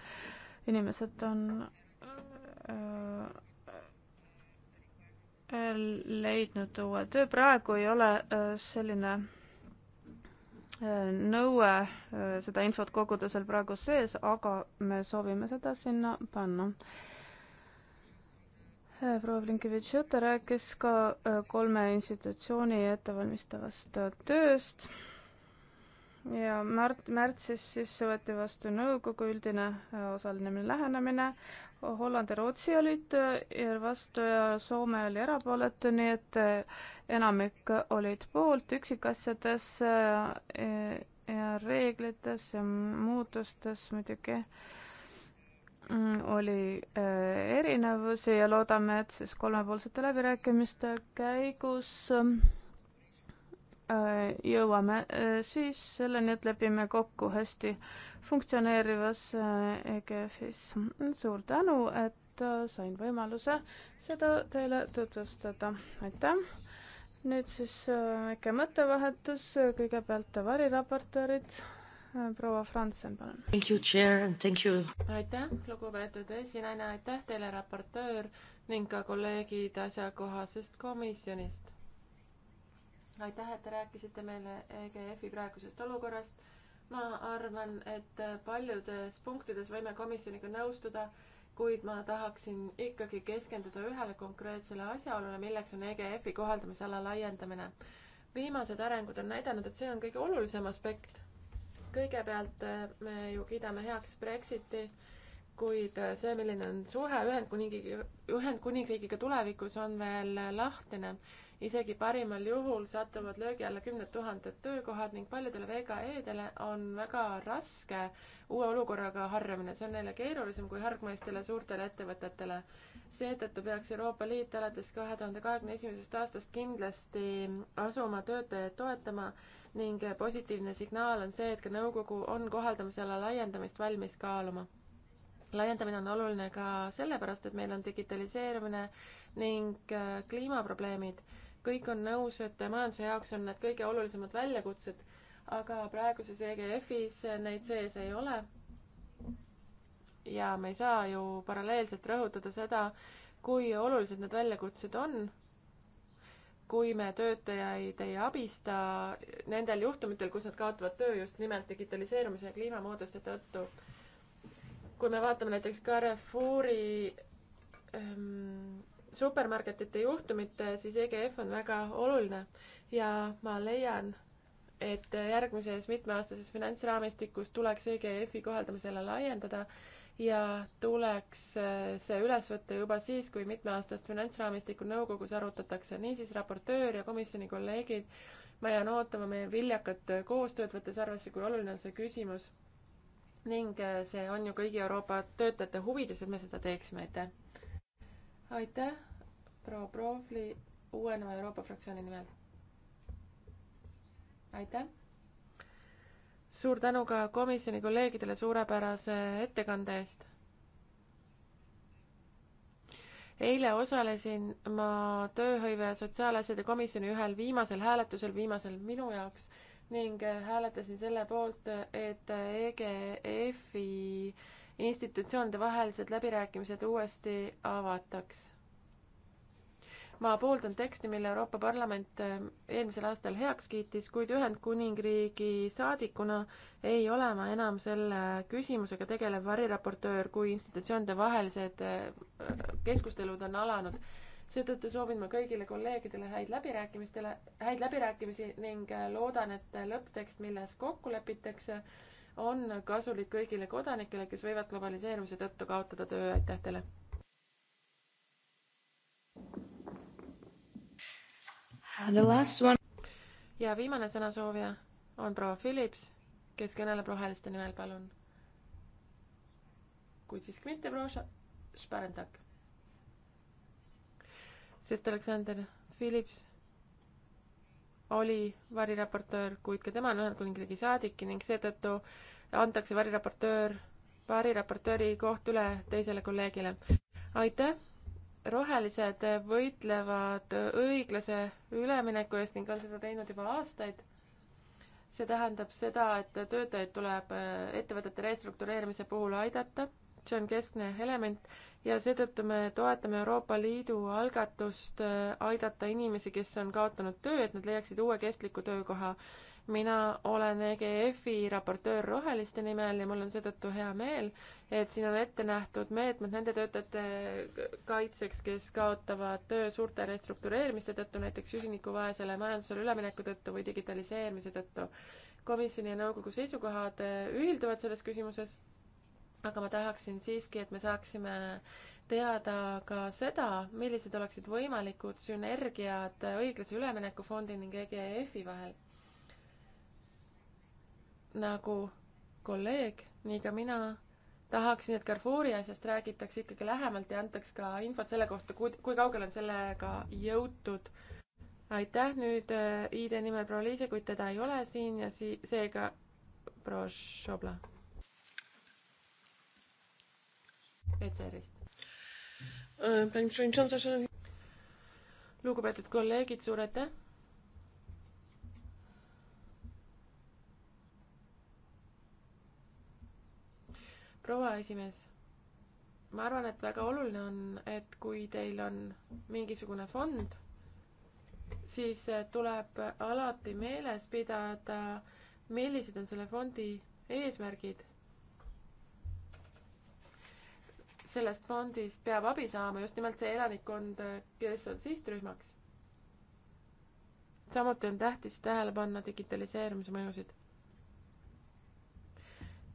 S3: inimesed on öö, leidnud uue töö, praegu ei ole äh, selline äh, nõue äh, seda infot koguda seal praegu sees, aga me soovime seda sinna panna. proua Blinkevitš-Jutte rääkis ka kolme institutsiooni ettevalmistavast tööst ja märt-, märtsis siis võeti vastu nõukogu üldine osaline lähenemine, Holland ja Rootsi olid vastu ja Soome oli erapooletu, nii et eh, enamik olid poolt üksikasjades eh, eh, ja reeglites ja muutustes muidugi mm, oli erinevusi ja loodame, et siis kolmepoolsete läbirääkimiste käigus mm, Äh, jõuame äh, siis selleni, et lepime kokku hästi funktsioneerivas äh, EGF-is. suur tänu, et sain võimaluse seda teile tutvustada. aitäh! nüüd siis väike mõttevahetus, kõigepealt variraportöörid, proua Franzen, palun.
S1: Thank you, chair and thank you. aitäh, lugupeetud esinaine, aitäh teile, raportöör ning ka kolleegid asjakohasest komisjonist aitäh, et te rääkisite meile EGF-i praegusest olukorrast. ma arvan, et paljudes punktides võime komisjoniga nõustuda, kuid ma tahaksin ikkagi keskenduda ühele konkreetsele asjaolule, milleks on EGF-i kohaldamisala laiendamine. viimased arengud on näidanud, et see on kõige olulisem aspekt. kõigepealt eh, me ju kiidame heaks Brexiti, kuid eh, see, milline on suhe Ühendkuningriigi, Ühendkuningriigiga tulevikus, on veel lahtine isegi parimal juhul satuvad löögi alla kümned tuhanded töökohad ning paljudele VKE-dele on väga raske uue olukorraga harjumine, see on neile keerulisem kui hargmaistele suurtele ettevõtetele. seetõttu peaks Euroopa Liit alates kahe tuhande kahekümne esimesest aastast kindlasti asuma töötajaid toetama ning positiivne signaal on see, et ka nõukogu on kohaldamisala laiendamist valmis kaaluma laiendamine on oluline ka sellepärast, et meil on digitaliseerimine ning äh, kliimaprobleemid kõik on nõus, et majanduse jaoks on need kõige olulisemad väljakutsed, aga praeguses EGF-is neid sees ei ole. ja me ei saa ju paralleelselt rõhutada seda, kui olulised need väljakutsed on, kui me töötajaid ei abista nendel juhtumitel, kus nad kaotavad töö just nimelt digitaliseerumise ja kliimamooduste tõttu. kui me vaatame näiteks Carrefouri ähm, supermarketite juhtumit, siis EGF on väga oluline ja ma leian, et järgmises mitmeaastases finantsraamistikus tuleks EGF-i kohaldamisele laiendada ja tuleks äh, see üles võtta juba siis, kui mitmeaastast finantsraamistikku nõukogus arutatakse. niisiis, raportöör ja komisjoni kolleegid, ma jään ootama meie viljakat koostööd, võttes arvesse, kui oluline on see küsimus. ning äh, see on ju kõigi Euroopa töötajate huvides, et me seda teeksime, aitäh! aitäh, proua Proovli, Uueneva Euroopa fraktsiooni nimel. aitäh! suur tänu ka komisjoni kolleegidele suurepärase ettekande eest. eile osalesin ma tööhõive ja sotsiaalasjade komisjoni ühel viimasel hääletusel, viimasel minu jaoks, ning hääletasin selle poolt, et EGF-i institutsioonide vahelised läbirääkimised uuesti avataks. ma pooldan teksti, mille Euroopa Parlament äh, eelmisel aastal heaks kiitis, kuid Ühendkuningriigi saadikuna ei ole ma enam selle küsimusega tegelev variraportöör, kui institutsioonide vahelised äh, keskustelud on alanud seetõttu soovin ma kõigile kolleegidele häid läbirääkimistele, häid läbirääkimisi ning äh, loodan, et lõpptekst, milles kokku lepitakse, on kasulik kõigile kodanikele, kes võivad globaliseerumise tõttu kaotada töö, aitäh teile! ja viimane sõnasoovija on proua Philips, kes kõneleb roheliste nimel, palun. kuid siiski mitte proua Sparentak. sest Aleksander Philips oli variraportöör, kuid ka tema on Ühendkuningriigi saadik ning seetõttu antakse variraportöör, variraportööri koht üle teisele kolleegile. aitäh! rohelised võitlevad õiglase ülemineku eest ning on seda teinud juba aastaid. see tähendab seda, et töötajaid tuleb ettevõtete restruktureerimise puhul aidata see on keskne element ja seetõttu me toetame Euroopa Liidu algatust äh, aidata inimesi, kes on kaotanud töö, et nad leiaksid uue kestliku töökoha. mina olen EGF-i raportöör Roheliste nimel ja mul on seetõttu hea meel, et siin on ette nähtud meetmed nende töötajate kaitseks, kes kaotavad töö suurte restruktureerimiste tõttu, näiteks süsinikuvaesele majandusele ülemineku tõttu või digitaliseerimise tõttu. komisjoni ja nõukogu seisukohad äh, ühilduvad selles küsimuses aga ma tahaksin siiski, et me saaksime teada ka seda, millised oleksid võimalikud sünergiad õiglase ülemineku fondi ning EGF-i vahel. nagu kolleeg, nii ka mina tahaksin, et Carrefouri asjast räägitaks ikkagi lähemalt ja antaks ka infot selle kohta, kui, kui kaugele on sellega jõutud. aitäh, nüüd äh, ID nimel proua Liise, kuid teda ei ole siin ja si-, seega proua Šobla ECR-ist. Äh, lugupeetud kolleegid, suur aitäh! proua esimees, ma arvan, et väga oluline on, et kui teil on mingisugune fond, siis äh, tuleb alati meeles pidada, millised on selle fondi eesmärgid sellest fondist peab abi saama just nimelt see elanikkond, kes on sihtrühmaks. samuti on tähtis tähele panna digitaliseerimise mõjusid.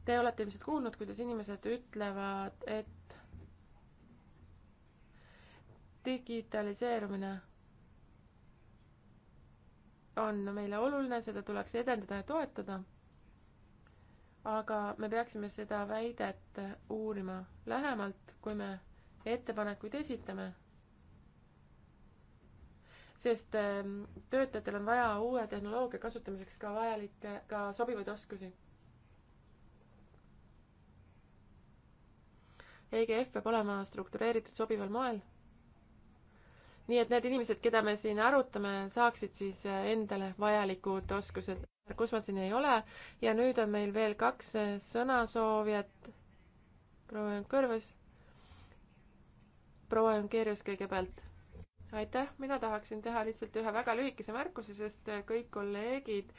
S1: Te olete ilmselt kuulnud, kuidas inimesed ütlevad, et digitaliseerumine on meile oluline, seda tuleks edendada ja toetada aga me peaksime seda väidet uurima lähemalt, kui me ettepanekuid esitame. sest ehm, töötajatel on vaja uue tehnoloogia kasutamiseks ka vajalikke, ka sobivaid oskusi. EGF peab olema struktureeritud sobival moel. nii et need inimesed, keda me siin arutame, saaksid siis eh, endale vajalikud oskused kus ma siin ei ole ja nüüd on meil veel kaks eh, sõnasoovijat. proua Jankõrvas. proua Jankeerius kõigepealt. aitäh, mina tahaksin teha lihtsalt ühe väga lühikese märkuse, sest eh, kõik kolleegid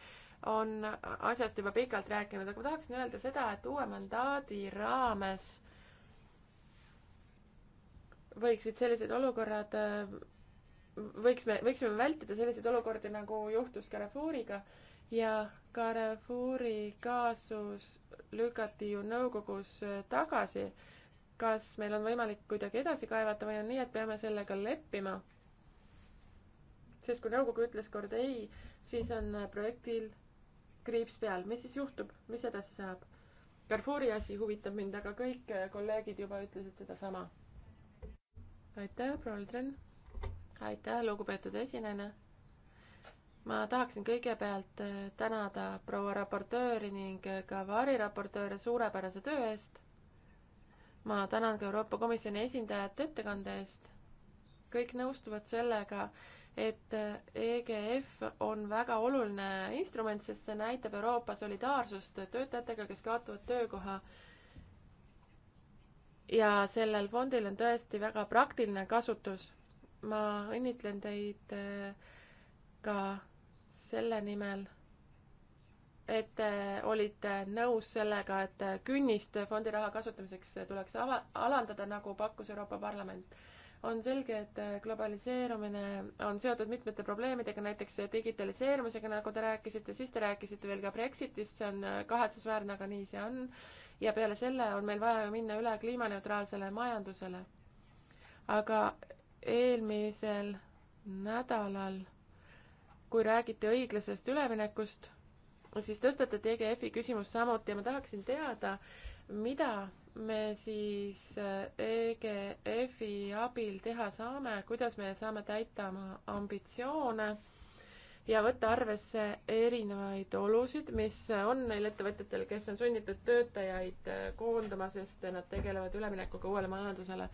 S1: on asjast juba pikalt rääkinud, aga ma tahaksin öelda seda, et uue mandaadi raames võiksid sellised olukorrad, eh, võiks me, võiksime vältida selliseid olukordi, nagu juhtus Carrefouriga ja Carrefouri kaasus lükati ju nõukogus äh, tagasi. kas meil on võimalik kuidagi edasi kaevata või on nii, et peame sellega leppima? sest kui nõukogu ütles kord ei, siis on äh, projektil kriips peal, mis siis juhtub, mis edasi saab? Carrefouri asi huvitab mind, aga kõik äh, kolleegid juba ütlesid sedasama. aitäh, proua Aldren. aitäh, lugupeetud esinejana ma tahaksin kõigepealt äh, tänada proua raportööri ning äh, ka variraportööre suurepärase töö eest. ma tänan ka Euroopa Komisjoni esindajat ettekande eest. kõik nõustuvad sellega, et äh, EGF on väga oluline instrument, sest see näitab Euroopa solidaarsust töötajatega, kes kaotavad töökoha. ja sellel fondil on tõesti väga praktiline kasutus. ma õnnitlen teid ka selle nimel, et te olite nõus sellega, et künnist fondi raha kasutamiseks tuleks ava-, alandada, nagu pakkus Euroopa Parlament. on selge, et globaliseerumine on seotud mitmete probleemidega, näiteks digitaliseerumisega, nagu te rääkisite, siis te rääkisite veel ka Brexitist, see on kahetsusväärne, aga nii see on. ja peale selle on meil vaja ju minna üle kliimaneutraalsele majandusele. aga eelmisel nädalal kui räägiti õiglasest üleminekust, siis tõstatati EGF-i küsimus samuti ja ma tahaksin teada, mida me siis äh, EGF-i abil teha saame, kuidas me saame täita oma ambitsioone ja võtta arvesse erinevaid olusid, mis on neil ettevõtjatel, kes on sunnitud töötajaid äh, koondama, sest nad tegelevad üleminekuga uuele majandusele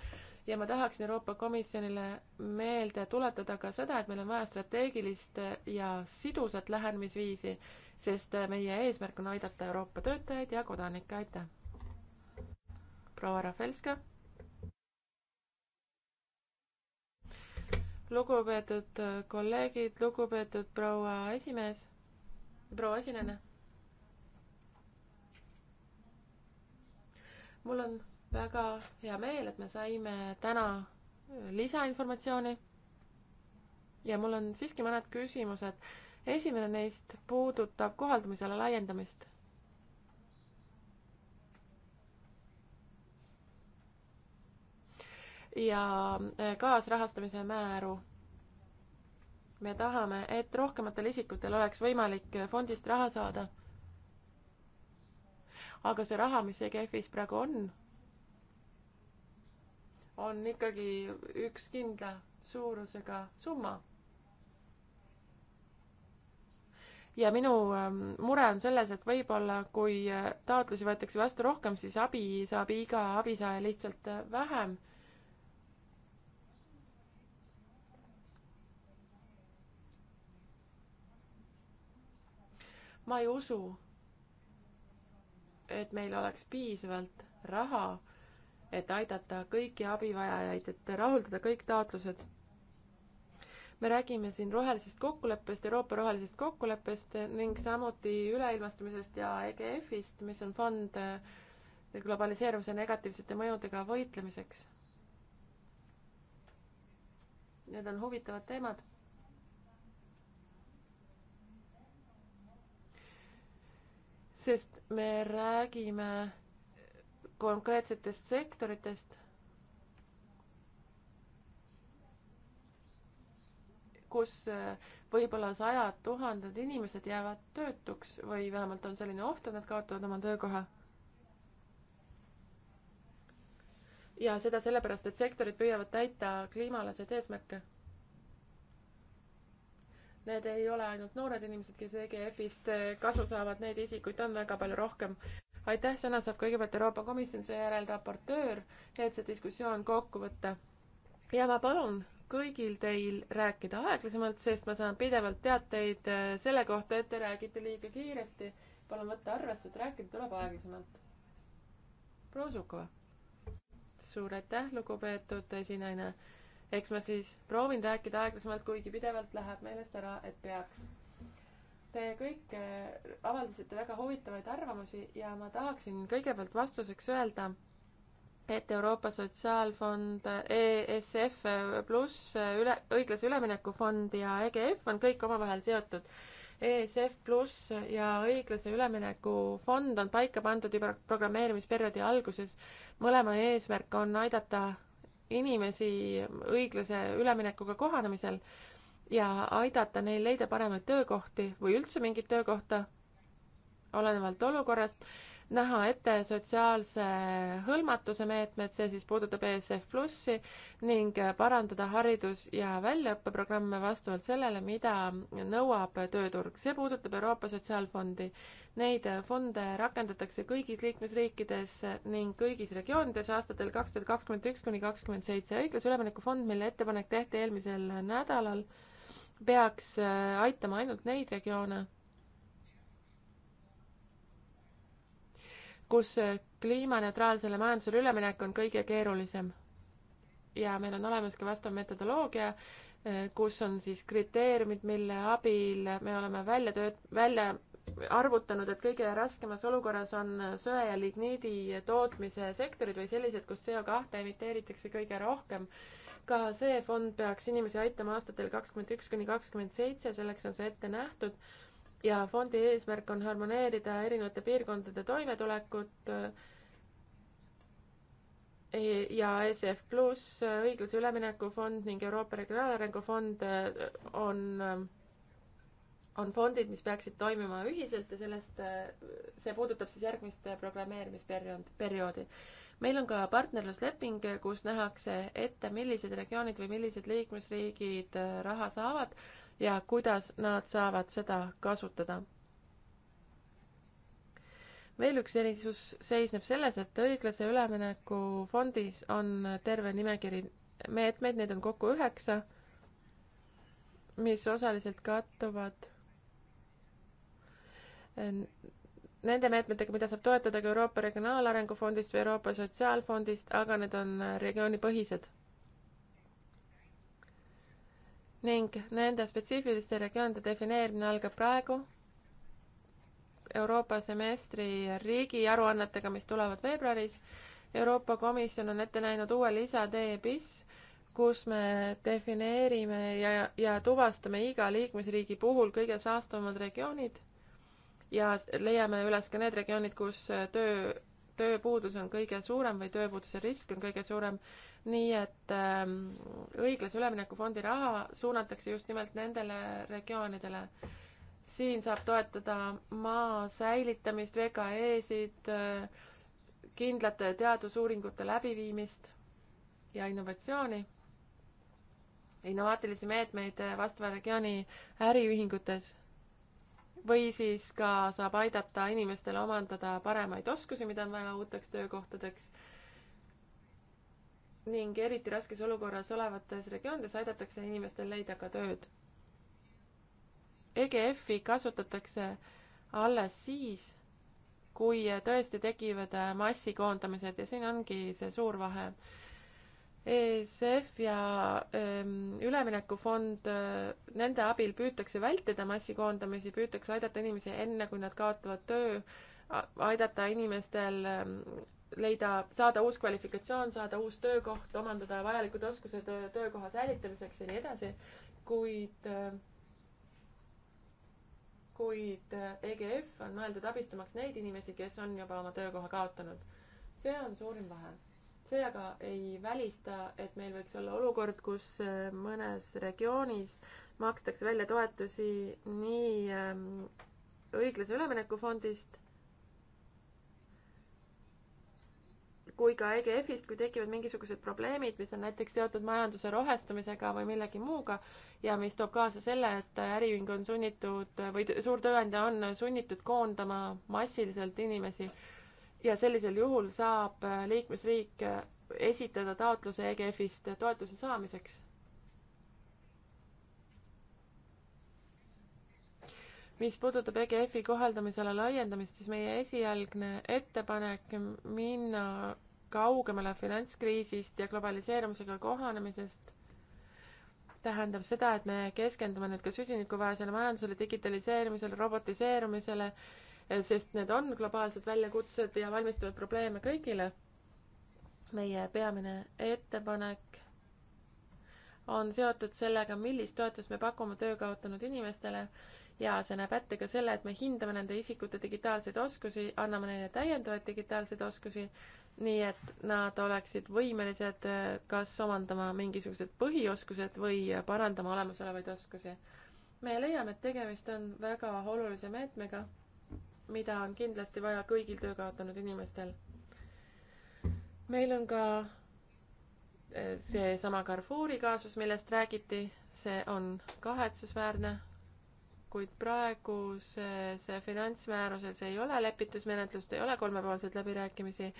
S1: ja ma tahaksin Euroopa Komisjonile meelde tuletada ka seda, et meil on vaja strateegilist ja sidusat lähenemisviisi, sest meie eesmärk on aidata Euroopa töötajaid ja kodanikke, aitäh! proua Rafelska. lugupeetud kolleegid, lugupeetud proua esimees, proua esinejana. mul on väga hea meel, et me saime täna äh, lisainformatsiooni. ja mul on siiski mõned küsimused. esimene neist puudutab kohaldamisala laiendamist. ja äh, kaasrahastamise määru. me tahame, et rohkematel isikutel oleks võimalik äh, fondist raha saada. aga see raha, mis EGF-is praegu on on ikkagi üks kindla suurusega summa. ja minu ähm, mure on selles, et võib-olla kui äh, taotlusi võetakse vastu rohkem, siis abi saab iga abisaaja lihtsalt äh, vähem. ma ei usu, et meil oleks piisavalt raha et aidata kõiki abivajajaid, et rahuldada kõik taotlused. me räägime siin rohelisest kokkuleppest, Euroopa rohelisest kokkuleppest ning samuti üleilmastumisest ja EGF-ist, mis on fond eh, globaliseerumise negatiivsete mõjudega võitlemiseks. Need on huvitavad teemad sest me räägime konkreetsetest sektoritest, kus äh, võib-olla sajad tuhanded inimesed jäävad töötuks või vähemalt on selline oht, et nad kaotavad oma töökoha. ja seda sellepärast, et sektorid püüavad täita kliimaalaseid eesmärke. Need ei ole ainult noored inimesed, kes EGF-ist äh, kasu saavad, neid isikuid on väga palju rohkem aitäh, sõna saab kõigepealt Euroopa Komisjon, seejärel raportöör, et see diskussioon kokku võtta. ja ma palun kõigil teil rääkida aeglasemalt, sest ma saan pidevalt teateid äh, selle kohta, et te räägite liiga kiiresti. palun võtta arvesse, et rääkida tuleb aeglasemalt. proua Sukova. suur aitäh, lugupeetud esinaine. eks ma siis proovin rääkida aeglasemalt, kuigi pidevalt läheb meelest ära, et peaks Te kõik äh, avaldasite väga huvitavaid arvamusi ja ma tahaksin kõigepealt vastuseks öelda, et Euroopa Sotsiaalfond, ESF pluss äh, üle, õiglase ülemineku fond ja EGF on kõik omavahel seotud. ESF pluss ja õiglase ülemineku fond on paika pandud juba programmeerimisperioodi alguses. mõlema eesmärk on aidata inimesi õiglase üleminekuga kohanemisel ja aidata neil leida paremaid töökohti või üldse mingit töökohta, olenevalt olukorrast, näha ette sotsiaalse hõlmatuse meetmed, see siis puudutab ESF Plussi ning parandada haridus- ja väljaõppeprogramme vastavalt sellele, mida nõuab tööturg. see puudutab Euroopa Sotsiaalfondi. Neid fonde rakendatakse kõigis liikmesriikides ning kõigis regioonides aastatel kaks tuhat kakskümmend üks kuni kakskümmend seitse. õiglase ülemineku fond, mille ettepanek tehti eelmisel nädalal peaks äh, aitama ainult neid regioone, kus äh, kliimaneutraalsele majandusele üleminek on kõige keerulisem. ja meil on olemas ka vastav metodoloogia, äh, kus on siis kriteeriumid, mille abil me oleme välja tööt-, välja arvutanud, et kõige raskemas olukorras on söe ja ligniidi tootmise sektorid või sellised, kus CO2 emiteeritakse kõige rohkem ka see fond peaks inimesi aitama aastatel kakskümmend üks kuni kakskümmend seitse, selleks on see ette nähtud, ja fondi eesmärk on harmoneerida erinevate piirkondade toimetulekut e, ja ESF pluss, e, õiglase ülemineku fond ning Euroopa Regionaalarengu fond e, on, on fondid, mis peaksid toimima ühiselt ja sellest, see puudutab siis järgmist programmeerimisperiood, perioodi meil on ka partnerlusleping, kus nähakse ette, millised regioonid või millised liikmesriigid äh, raha saavad ja kuidas nad saavad seda kasutada. veel üks erisus seisneb selles, et õiglase ülemineku fondis on terve nimekiri meetmeid, neid on kokku üheksa, mis osaliselt kattuvad äh, nende meetmetega, mida saab toetada ka Euroopa Regionaalarengu Fondist või Euroopa Sotsiaalfondist, aga need on äh, regioonipõhised. ning nende spetsiifiliste regioonide defineerimine algab praegu Euroopa semestri riigiaruannetega, mis tulevad veebruaris. Euroopa Komisjon on ette näinud uue lisa DBIS, kus me defineerime ja, ja tuvastame iga liikmesriigi puhul kõige saastavamad regioonid ja leiame üles ka need regioonid, kus äh, töö, tööpuudus on kõige suurem või tööpuuduse risk on kõige suurem, nii et ähm, õiglase ülemineku fondi raha suunatakse just nimelt nendele regioonidele. siin saab toetada maa säilitamist, VKE-sid äh,, kindlate teadusuuringute läbiviimist ja innovatsiooni, innovaatilisi meetmeid äh, vastava regiooni äriühingutes või siis ka saab aidata inimestele omandada paremaid oskusi, mida on vaja uuteks töökohtadeks. ning eriti raskes olukorras olevates regioonides aidatakse inimestel leida ka tööd. EGF-i kasutatakse alles siis, kui tõesti tekivad massikoondamised ja siin ongi see suur vahe ESF ja ehm, Üleminekufond, äh, nende abil püütakse vältida massikoondamisi, püütakse aidata inimesi enne, kui nad kaotavad töö, aidata inimestel ehm, leida, saada uus kvalifikatsioon, saada uus töökoht, omandada vajalikud oskused töökoha säilitamiseks ja nii edasi, kuid äh, kuid äh, EGF on mõeldud abistamaks neid inimesi, kes on juba oma töökoha kaotanud. see on suurim vahe see aga ei välista, et meil võiks olla olukord, kus äh, mõnes regioonis makstakse välja toetusi nii ähm, õiglase ülemineku fondist kui ka EGF-ist, kui tekivad mingisugused probleemid, mis on näiteks seotud majanduse rohestamisega või millegi muuga ja mis toob kaasa selle, et äriühing on sunnitud või suur tööandja on sunnitud koondama massiliselt inimesi ja sellisel juhul saab äh, liikmesriik äh, esitada taotluse EGF-ist äh, toetuse saamiseks. mis puudutab EGF-i kohaldamisala laiendamist, siis meie esialgne ettepanek minna kaugemale finantskriisist ja globaliseerumisega kohanemisest tähendab seda, et me keskendume nüüd ka süsinikuvaesele majandusele, digitaliseerimisele, robotiseerumisele äh, Eh, sest need on globaalsed väljakutsed ja valmistavad probleeme kõigile. meie peamine ettepanek on seotud sellega, millist toetust me pakume töö kaotanud inimestele ja see näeb ette ka selle, et me hindame nende isikute digitaalseid oskusi, anname neile täiendavaid digitaalseid oskusi, nii et nad oleksid võimelised eh, kas omandama mingisugused põhioskused või parandama olemasolevaid oskusi. me leiame, et tegemist on väga olulise meetmega mida on kindlasti vaja kõigil töö kaotanud inimestel. meil on ka eh, seesama Carrefouri kaasus, millest räägiti, see on kahetsusväärne, kuid praeguses finantsmääruses ei ole lepitusmenetlust, ei ole kolmepoolseid läbirääkimisi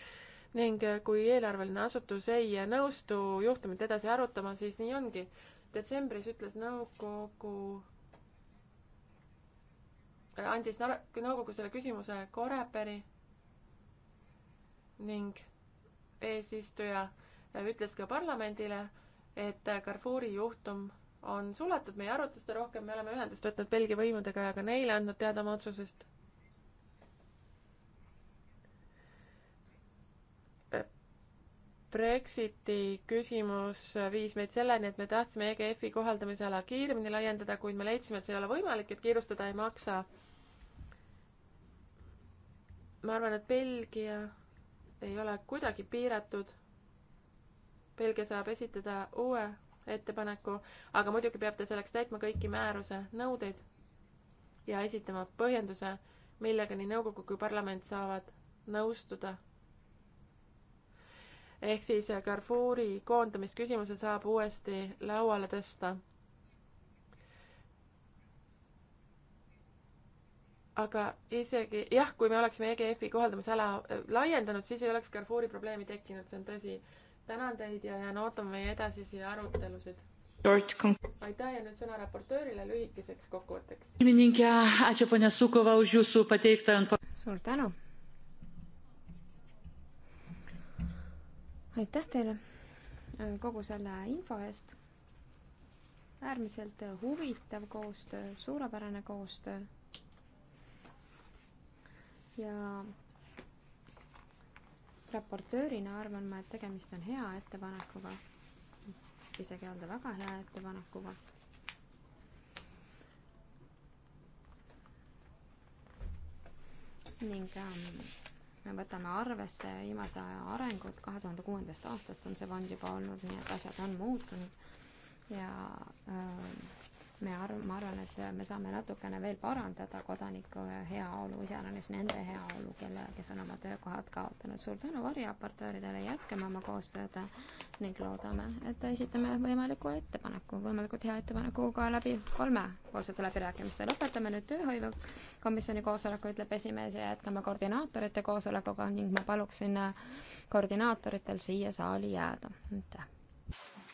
S1: ning eh, kui eelarveline asutus ei nõustu juhtumit edasi arutama, siis nii ongi. detsembris ütles nõukogu no, andis nõukogu selle küsimuse Koreperi ning eesistuja ütles ka parlamendile, et Carrefouri juhtum on suletud, me ei aruta seda rohkem, me oleme ühendust võtnud Belgia võimudega ja ka neile andnud teada oma otsusest. Brexiti küsimus viis meid selleni, et me tahtsime EGF-i kohaldamise ala kiiremini laiendada, kuid me leidsime, et see ei ole võimalik, et kiirustada ei maksa ma arvan, et Belgia ei ole kuidagi piiratud. Belgia saab esitada uue ettepaneku, aga muidugi peab ta selleks täitma kõiki määruse nõudeid ja esitama põhjenduse, millega nii nõukogu kui parlament saavad nõustuda. ehk siis Carrefouri koondamisküsimuse saab uuesti lauale tõsta aga isegi jah, kui me oleksime EGF-i kohaldamisala äh, laiendanud, siis ei oleks Carrefouri probleemi tekkinud, see on tõsi. tänan teid ja jään ootama meie edasisi arutelusid. aitäh ja nüüd sõna raportöörile lühikeseks kokkuvõtteks.
S2: suur tänu. aitäh teile äh, kogu selle info eest. äärmiselt huvitav koostöö, suurepärane koostöö ja raportöörina arvan ma, et tegemist on hea ettepanekuga, isegi öelda väga hea ettepanekuga. ning ähm, me võtame arvesse viimase aja arengut, kahe tuhande kuuendast aastast on see fond juba olnud, nii et asjad on muutunud ja äh, me arv-, ma arvan, et me saame natukene veel parandada kodaniku heaolu, iseäranis nende heaolu, kelle, kes on oma töökohad kaotanud. suur tänu variraportööridele, jätkame oma koostööd ning loodame, et esitame võimaliku ettepaneku, võimalikult hea ettepaneku ka läbi kolmepoolsete läbirääkimiste. lõpetame nüüd tööhõivekomisjoni koosoleku, ütleb esimees, ja jätkame koordinaatorite koosolekuga ning ma paluksin koordinaatoritel siia saali jääda. aitäh!